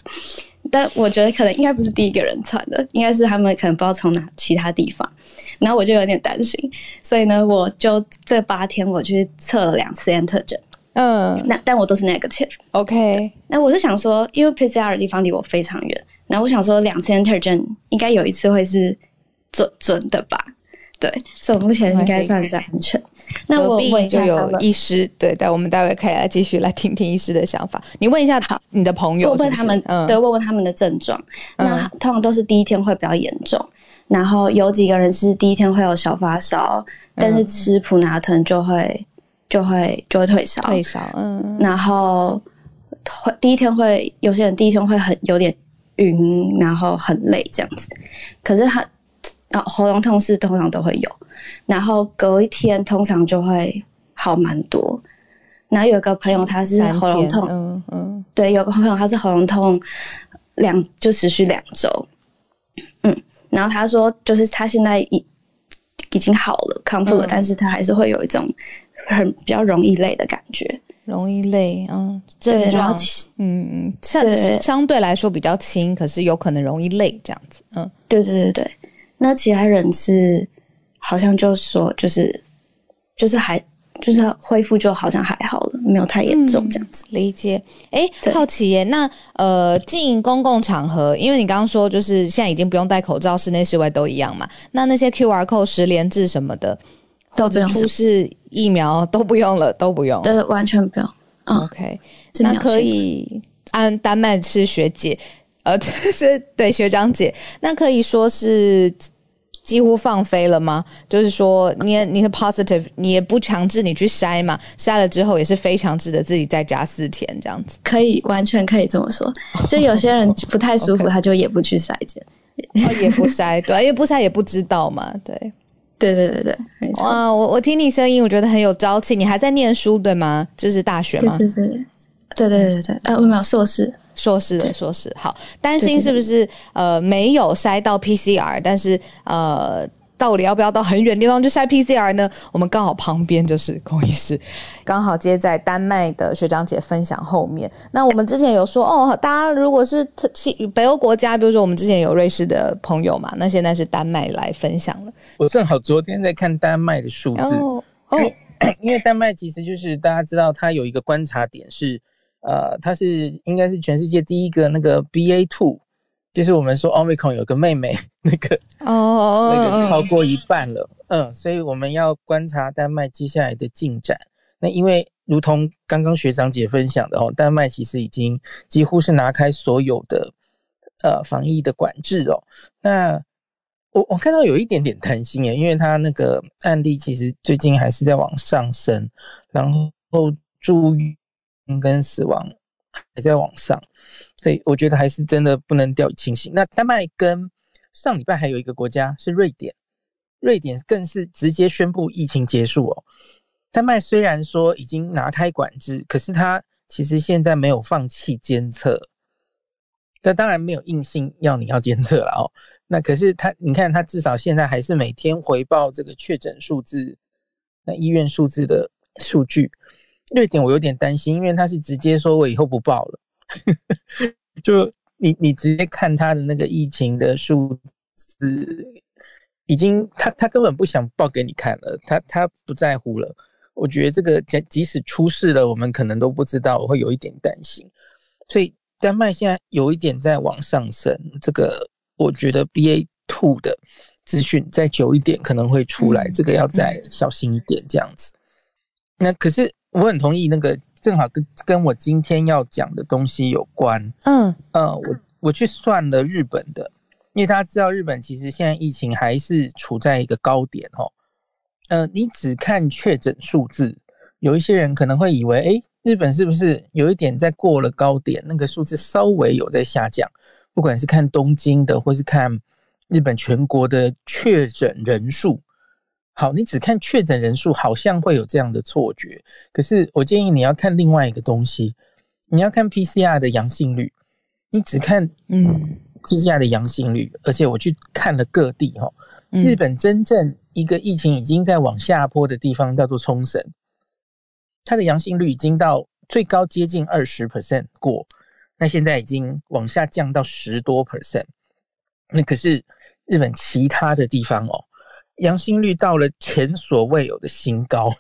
但我覺得可能應該不是第一個人傳的，應該是他們可能不知道從哪其他地方，然後我就有點擔心，所以呢，我就這八天我去測了兩次 antigen。嗯，那但我都是 negative，OK Okay.。那我是想說，因為 PCR 的地方離我非常遠，那我想說兩次 antigen 應該有一次會是準準的吧？對，所以我目前應該算是安全。那我問一下，有醫師對，但我們待會可以來繼續來聽聽醫師的想法。你問一下他，好你的朋友問問他們，對，問問他們的症狀。嗯、那通常都是第一天會比較嚴重，然後有幾個人是第一天會有小發燒，嗯、但是吃普拿疼就會。就會就會退燒，退燒，嗯，然後會第一天會有些人第一天會很有點暈，然後很累這樣子。可是他、哦、喉嚨痛是通常都會有，然後隔一天通常就會好蠻多。然後有一個朋友他是喉嚨痛，嗯嗯、對，有個朋友他是喉嚨痛兩就持續兩周，嗯，然後他說就是他現在已已經好了康復了，嗯、但是他還是會有一種。很比較容易累的感覺，容易累啊，這、嗯、種嗯，像，對相對來說比較輕，可是有可能容易累這樣子，嗯，對，對對對對，那其他人是好像就說就是就是還就是恢復就好像還好了，沒有太嚴重、嗯、這樣子，理解。哎，對好奇耶，那呃進公共場合，因為你剛剛說就是現在已經不用戴口罩，室內室外都一樣嘛，那那些 Q R Code 實聯制什麼的。都不用，出示疫苗都不用了，都不用，對，完全不用。哦、OK，那可以按、啊、丹麥是學姐，呃，是，對，學長姐，那可以說是幾乎放飛了嗎？就是說你也，你你是 positive，你也不強制你去篩嘛？篩了之後也是非強制的，自己在家四天這樣子，可以，完全可以這麼說。就有些人不太舒服， Okay. 他就也不去篩檢 哦，也不篩，對，因為不篩也不知道嘛，對。對對對對，哇！我我聽你聲音，我覺得很有朝氣。你還在念書對嗎？就是大學嗎？對對對對對對對對。有、啊、沒有碩士？碩士的碩士，好擔心是不是，對對對對，呃沒有篩到 PCR，但是呃。到底要不要到很遠的地方去篩 PCR 呢？我們剛好旁邊就是孔醫師，剛好接在丹麥的學長姐分享後面。那我們之前有說哦，大家如果是北歐國家，比如說我們之前有瑞士的朋友嘛，那現在是丹麥來分享了。我正好昨天在看丹麥的數字，因、oh, okay. 因為丹麥其實就是大家知道，它有一個觀察點是，呃，它是應該是全世界第一個那個 BA two。就是我們說 Omicron 有個妹妹，那個哦，那個超過一半了，嗯，所以我們要觀察丹麥接下來的進展。那因為，如同剛剛學長姐分享的哦，丹麥其實已經幾乎是拿開所有的呃防疫的管制哦、喔。那我我看到有一點點擔心耶、欸，因為他那個案例其實最近還是在往上升，然後住院跟死亡還在往上。所以我覺得還是真的不能掉以輕心。那丹麥跟上禮拜還有一個國家是瑞典，瑞典更是直接宣布疫情結束哦。丹麥雖然說已經拿開管制，可是它其實現在沒有放棄監測，那當然沒有硬性要你要監測了哦。那可是它，你看它至少現在還是每天回報這個確診數字，那醫院數字的數據。瑞典我有點擔心，因為它是直接說我以後不報了。 就你，你直接看他的那個疫情的數字，已經他他根本不想報給你看了，他他不在乎了。我覺得這個即使出事了，我們可能都不知道，我會有一點擔心。所以丹麥現在有一點在往上升，這個我覺得 BA two 的資訊再久一點可能會出來，這個要再小心一點這樣子。那可是我很同意那個。正好跟跟我今天要講的東西有關。嗯呃，我我去算了日本的，因為大家知道日本其實現在疫情還是處在一個高點哦。呃，你只看確診數字，有一些人可能會以為，誒、欸，日本是不是有一點在過了高點，那個數字稍微有在下降？不管是看東京的，或是看日本全國的確診人數。好，你只看確診人數，好像會有這樣的錯覺。可是我建議你要看另外一個東西，你要看 PCR 的陽性率。你只看嗯 PCR 的陽性率，而且我去看了各地、喔、日本真正一個疫情已經在往下坡的地方叫做沖繩，它的陽性率已經到最高接近二十 percent 過，那現在已經往下降到十多 percent。那可是日本其他的地方哦、喔。陽性率到了前所未有的新高，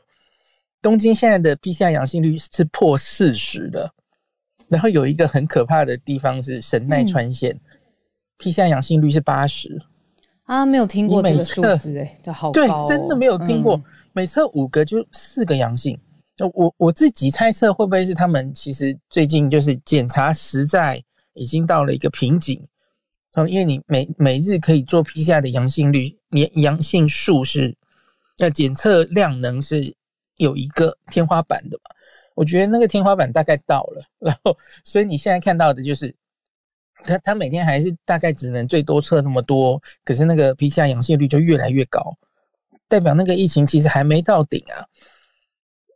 東京現在的 PCR 陽性率是破四十的。然後有一個很可怕的地方是神奈川縣 PCR 陽性率是八十啊，沒有聽過這個數字哎，就好對，真的沒有聽過，每測五個就四個陽性。我我自己猜測會不會是他們其實最近就是檢查實在已經到了一個瓶頸。因為你每每日可以做 PCR 的陽性率、陽陽性數是，要檢測量能是有一個天花板的嘛。我覺得那個天花板大概到了。然後，所以你現在看到的就是，他他每天還是大概只能最多測那麼多，可是那個 PCR 陽性率就越來越高，代表那個疫情其實還沒到頂啊。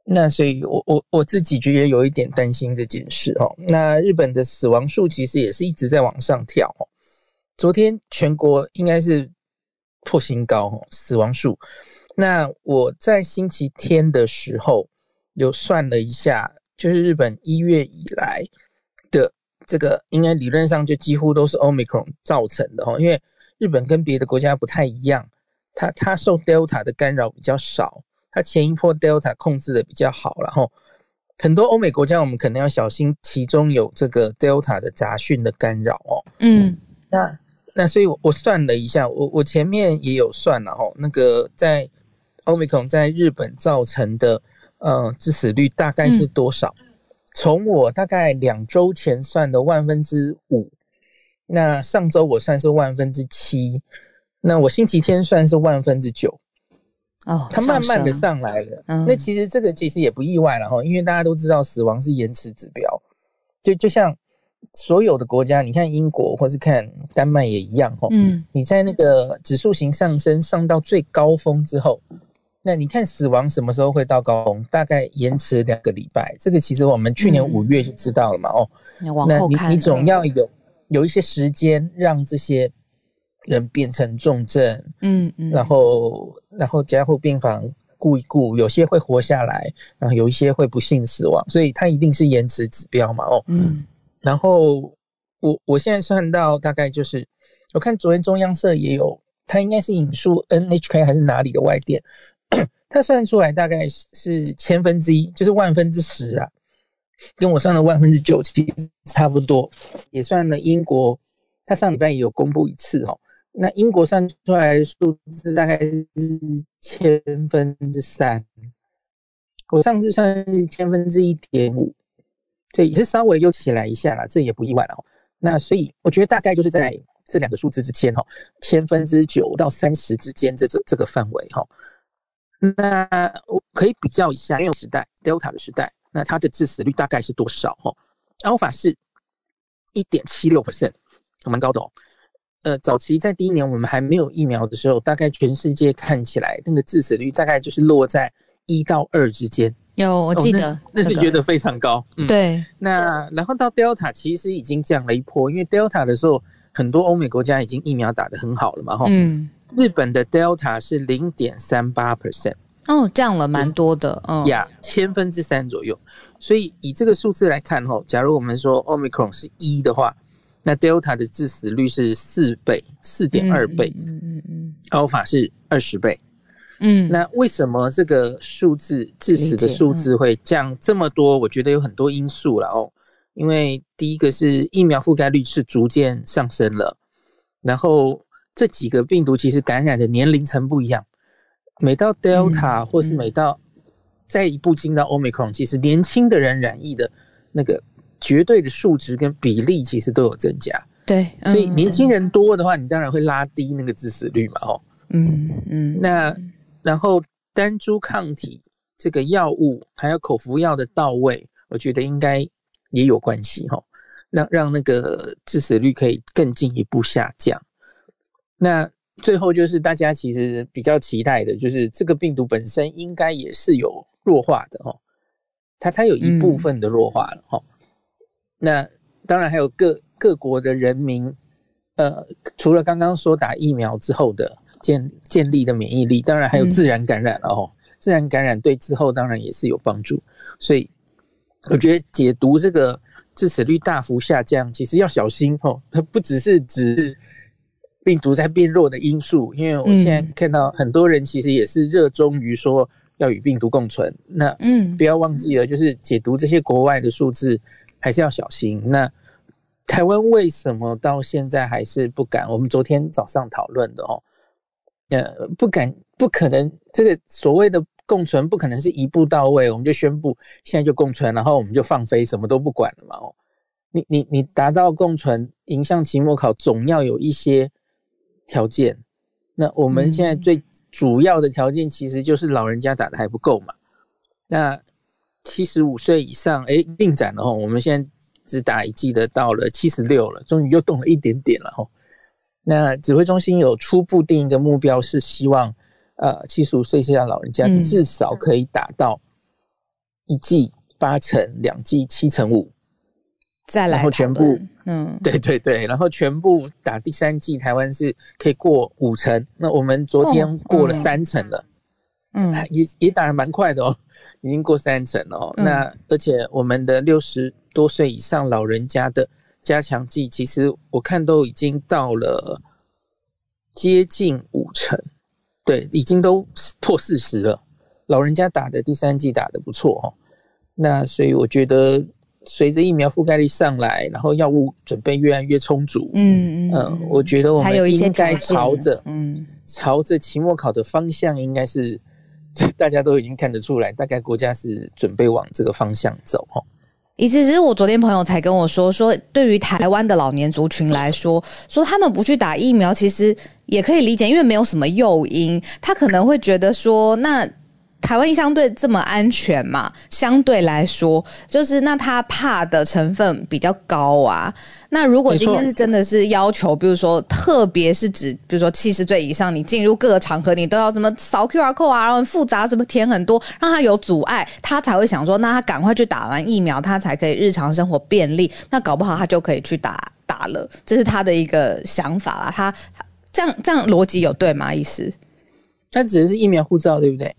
那所以我，我我我自己覺得有一點擔心這件事哦。那日本的死亡數其實也是一直在往上跳哦。昨天全國應該是破新高，死亡數。那我在星期天的時候有算了一下，就是日本一月以來的這個，應該理論上就幾乎都是 Omicron 造成的哈。因為日本跟別的國家不太一樣，它它受 Delta 的干擾比較少，它前一波 Delta 控制的比較好，然後很多歐美國家我們可能要小心，其中有這個 Delta 的雜訊的干擾哦。嗯，嗯，那。那所以，我我算了一下，我我前面也有算了哈，那個在歐美 i 在日本造成的呃致死率大概是多少？從、嗯、我大概兩周前算的萬分之五，那上周我算是萬分之七，那我星期天算是萬分之九。哦，它慢慢的上來了。嗯、那其實這個其實也不意外了哈，因為大家都知道死亡是延遲指標，就就像。所有的國家，你看英國或是看丹麥也一樣哈。嗯，你在那個指數型上升上到最高峰之後，那你看死亡什麼時候會到高峰？大概延遲兩個禮拜。這個其實我們去年五月就知道了嘛。嗯、哦，那你你總要有有一些時間讓這些人變成重症，嗯嗯然，然後然後加護病房顧一顧，有些會活下來，然後有一些會不幸死亡，所以它一定是延遲指標嘛。哦，嗯。然後我我現在算到大概就是，我看昨天中央社也有，他應該是引述 NHK 還是哪裡的外電，他算出來大概是千分之一，就是萬分之十啊，跟我算的萬分之九其實差不多，也算了英國，他上禮拜也有公布一次哦，那英國算出來的數字大概是千分之三，我上次算是千分之一點五。對，也是稍微又起來一下啦，這也不意外了哦。那所以我覺得大概就是在這兩個數字之間哈哦，千分之九到三十之間這這這個範圍哈哦。那我可以比較一下，因為時代 Delta 的時代，那它的致死率大概是多少哈哦？Alpha 是一點七六 percent，蠻高的哦。呃，早期在第一年我們還沒有疫苗的時候，大概全世界看起來那個致死率大概就是落在一到二之間。有，我記得、哦那，那是覺得非常高。那個嗯、對，那然後到 Delta，其實已經降了一波，因為 Delta 的時候，很多歐美國家已經疫苗打得很好了嘛，哈。嗯。日本的 Delta 是零點三八 percent。哦，降了蠻多的，就是、嗯。呀，yeah, 千分之三左右。所以以這個數字來看，哈，假如我們說 Omicron 是一的話，那 Delta 的致死率是四倍，四點二倍。嗯嗯嗯。Alpha 是二十倍。嗯，那為什麼這個數字致死的數字會降這麼多？嗯、我覺得有很多因素了哦。因為第一個是疫苗覆蓋率是逐漸上升了，然後這幾個病毒其實感染的年齡層不一樣，每到 Delta 或是每到再一步進到 Omicron，、嗯嗯、其實年輕的人染疫的那個絕對的數值跟比例其實都有增加。對，嗯、所以年輕人多的話，你當然會拉低那個致死率嘛哦、嗯。嗯嗯，嗯那。然後單株抗體，這個藥物，還有口服藥的到位，我覺得應該也有關係哈。讓讓那個致死率可以更進一步下降。那最後就是大家其實比較期待的，就是這個病毒本身應該也是有弱化的哈。它它有一部分的弱化了哈。那當然還有各各國的人民，呃，除了剛剛說打疫苗之後的。建建立的免疫力，當然還有自然感染了、嗯、哦。自然感染對，之後當然也是有幫助，所以我覺得解讀這個致死率大幅下降，其實要小心哦。它不只是指病毒在變弱的因素，因為我現在看到很多人其實也是熱衷於說要與病毒共存。那嗯，不要忘記了，嗯、就是解讀這些國外的數字還是要小心。那台灣為什麼到現在還是不敢？我們昨天早上討論的哦。呃，不敢，不可能。這個所謂的共存，不可能是一步到位。我們就宣布現在就共存，然後我們就放飛，什麼都不管了嘛？哦，你你你達到共存，迎向期末考，總要有一些條件。那我們現在最主要的條件，其實就是老人家打的還不夠嘛。那七十五歲以上，誒、欸，進展了哦。我們現在只打一季的，到了七十六了，終於又動了一點點了哦。那指揮中心有初步定一個目標，是希望，呃，七十五歲以上老人家至少可以打到一劑八成，兩劑七成五，再來。然後全部，嗯，對對對，然後全部打第三劑，台灣是可以過五成。那我們昨天過了三成了，哦、嗯，也、嗯、也打得蠻快的哦，已經過三成了哦。嗯、那而且我們的六十多歲以上老人家的。加強劑其實我看都已經到了接近五成，對，已經都破四十了。老人家打的第三劑打得不錯。那所以我覺得隨着疫苗覆蓋率上來，然後藥物準備越來越充足，嗯嗯、呃、我覺得我們應該朝着嗯朝着期末考的方向應該，應該是大家都已經看得出來，大概國家是準備往這個方向走其實，我昨天朋友才跟我說，說對於台灣的老年族群來說，說他們不去打疫苗，其實也可以理解，因為沒有什麼誘因，他可能會覺得說，那……台灣相對這麼安全嘛？相對來說，就是那他怕的成分比較高啊。那如果今天是真的是要求，沒錯，比如說，特別是指，比如說七十歲以上，你進入各個場合，你都要什麼掃 QR code 啊？然後複雜，什麼填很多，讓他有阻礙，他才會想說，那他趕快去打完疫苗，他才可以日常生活便利。那搞不好他就可以去打打了，這是他的一個想法啦，他這樣這樣邏輯有對嗎？意思？他指的是疫苗護照，對不對？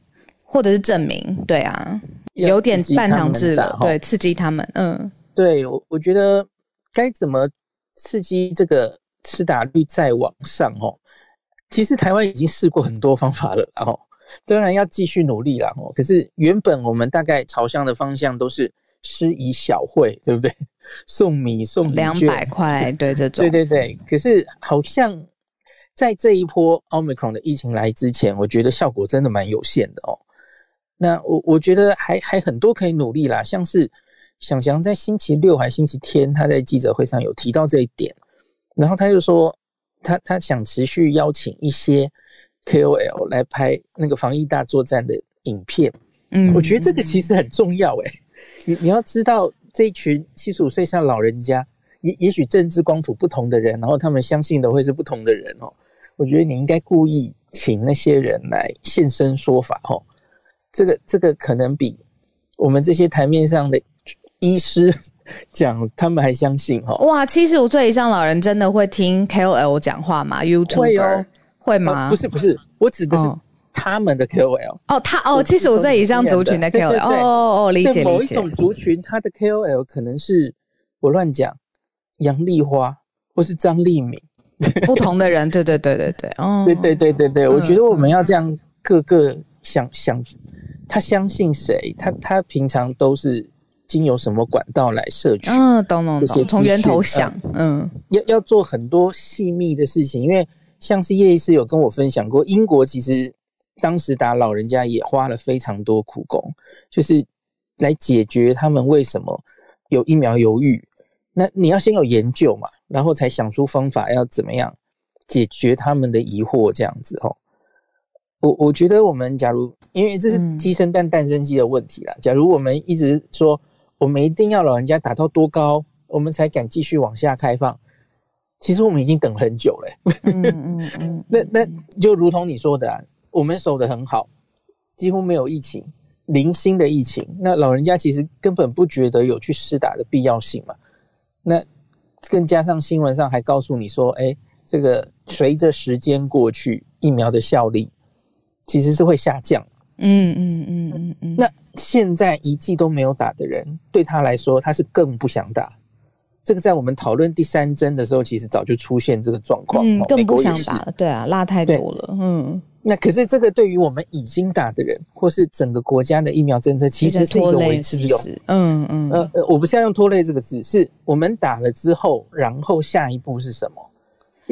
或者是證明對啊，有點半強制了，對，刺激他們，嗯，對我我覺得該怎麼刺激這個施打率再往上哦？其實台灣已經試過很多方法了哦，當然要繼續努力了哦。可是原本我們大概朝向的方向都是施以小惠，對不對？送米送兩百塊，對這種，對對對。可是好像在這一波奧密克戎的疫情來之前，我覺得效果真的蠻有限的哦。那我我覺得還還很多可以努力啦，像是想象在星期六還星期天，他在記者會上有提到這一點，然後他又說他他想持續邀請一些 KOL 來拍那個防疫大作戰的影片，嗯，我覺得這個其實很重要欸、你你要知道這一群七十五歲上老人家，也也許政治光譜不同的人，然後他們相信的會是不同的人喔，我覺得你應該故意請那些人來現身說法喔。這個這個可能比我們這些台面上的醫師講，他們還相信哈。哇，七十五歲以上老人真的會聽 KOL 講話嗎？YouTube 會,、哦、會嗎、哦？不是不是，我指的是他們的 KOL、哦。哦，他哦，七十五歲以上族群的 KOL。對對對哦,哦哦，理解理解。某一種族群，嗯、他的 KOL 可能是我亂講，楊麗花或是張麗敏，不同的人。 對,對對對對對。哦，對對對對對。我覺得我們要這樣，各個想、嗯、想。想他相信誰？他他平常都是經由什麼管道來攝取？嗯，懂懂懂，從源頭想，嗯，嗯要要做很多細密的事情，因為像是葉醫師有跟我分享過，英國其實當時打老人家也花了非常多苦功，就是來解決他們為什麼有疫苗猶豫。那你要先有研究嘛，然後才想出方法要怎麼樣解決他們的疑惑，這樣子哦。我我覺得我們假如因為這是雞生蛋蛋生雞的問題了。假如我們一直說我們一定要老人家打到多高，我們才敢繼續往下開放？其實我們已經等很久了、欸。嗯嗯嗯、 那那就如同你說的、啊，我們守得很好，幾乎沒有疫情，零星的疫情。那老人家其實根本不覺得有去施打的必要性嘛。那更加上新聞上還告訴你說，哎，這個隨着時間過去，疫苗的效力。其實是會下降，嗯嗯嗯嗯嗯。嗯嗯嗯那現在一劑都沒有打的人，對他來說，他是更不想打。這個在我們討論第三針的時候，其實早就出現這個狀況，嗯，更不想打了，對啊，拉太多了，對嗯。那可是這個對於我們已經打的人，或是整個國家的疫苗政策，其實是一個維持，嗯嗯。呃，我不是要用“拖累”這個字，是我們打了之後，然後下一步是什麼？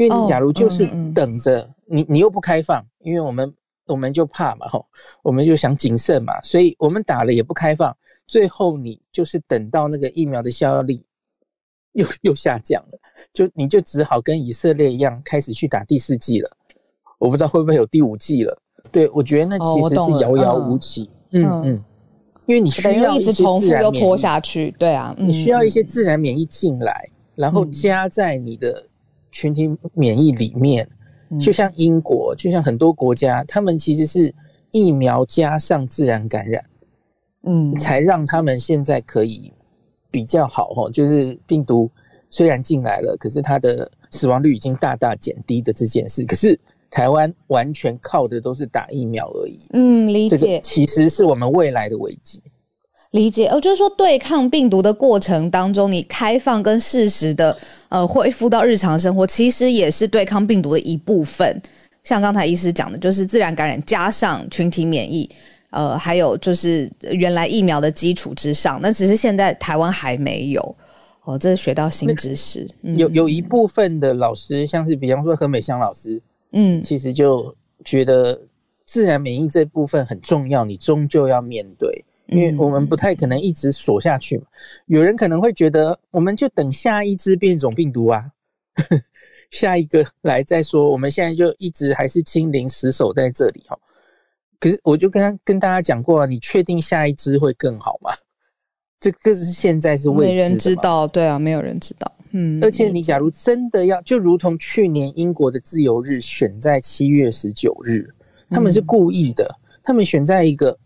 因為你假如，就是等着、哦嗯嗯、你，你又不開放，因為我們。我們就怕嘛吼，我們就想謹慎嘛，所以我們打了也不開放。最後你就是等到那個疫苗的效力又又下降了，就你就只好跟以色列一樣開始去打第四劑了。我不知道會不會有第五劑了？對，我覺得那其實是遙遙無期、哦。嗯嗯，嗯，因為你需要一直重複又拖下去。對啊，你需要一些自然免疫進、啊嗯、來，然後加在你的群體免疫裡面。嗯就像英國，就像很多國家，他們其實是疫苗加上自然感染，嗯，才讓他們現在可以比較好哈。就是病毒雖然進來了，可是它的死亡率已經大大減低的這件事。可是台灣完全靠的都是打疫苗而已。嗯，理解。這個其實是我們未來的危機。理解哦，就是說，對抗病毒的過程當中，你開放跟適時的呃恢復到日常生活，其實也是對抗病毒的一部分。像剛才醫師講的，就是自然感染加上群體免疫，呃，還有就是原來疫苗的基礎之上，那只是現在台灣還沒有。哦，這是學到新知識，那，嗯，有有一部分的老師，像是比方說何美鄉老師，嗯，其實就覺得自然免疫這部分很重要，你終究要面對。因為我們不太可能一直鎖下去嘛，有人可能會覺得，我們就等下一支變種病毒啊， 下一個來再說，我們現在就一直還是清零死守在這裡哦。可是我就跟跟大家講過了，啊，你確定下一支會更好嗎？這個是現在是未知。沒人知道，對啊，沒有人知道。嗯。而且你假如真的要，就如同去年英國的自由日選在七月十九日，他們是故意的，他們選在一個。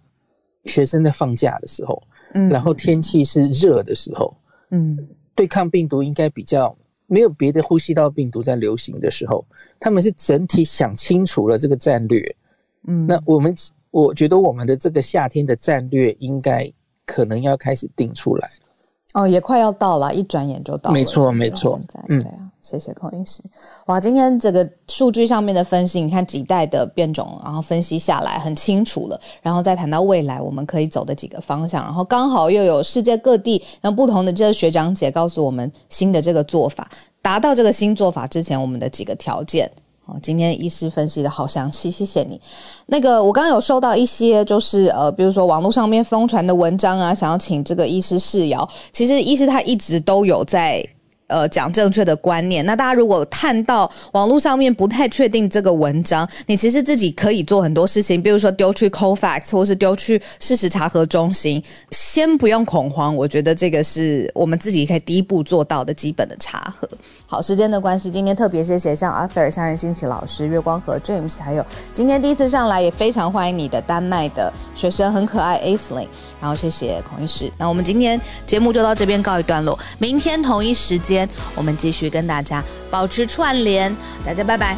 學生在放假的時候，嗯，然後天氣是熱的時候，嗯，對抗病毒應該比較沒有別的呼吸道病毒在流行的時候，他們是整體想清楚了這個戰略，嗯，那我們我覺得我們的這個夏天的戰略應該可能要開始定出來。哦，也快要到了，一轉眼就到了。沒錯，沒錯。現在，對啊，謝謝孔醫師。哇，今天這個數據上面的分析，你看幾代的變種，然後分析下來很清楚了。然後再談到未來我們可以走的幾個方向，然後剛好又有世界各地那不同的這個學長姐告訴我們新的這個做法，達到這個新做法之前，我們的幾個條件。今天醫師分析得好詳細，謝謝你。那個，我剛剛有收到一些，就是呃，比如說網絡上面瘋傳的文章啊，想要請這個醫師釋謠。其實醫師他一直都有在。呃，講正確的觀念。那大家如果看到網絡上面不太確定這個文章，你其實自己可以做很多事情，比如說丟去 Cofacts 或是丟去事實查核中心，先不用恐慌。我覺得這個是我們自己可以第一步做到的基本的查核。好，時間的關係，今天特別謝謝像 Arthur、像人新奇老師、月光和 James，還有今天第一次上來也非常歡迎你的丹麥的學生很可愛 Acelynn，然後謝謝孔醫師。那我們今天節目就到這邊告一段落。明天同一時間。我們繼續跟大家保持串聯，大家拜拜。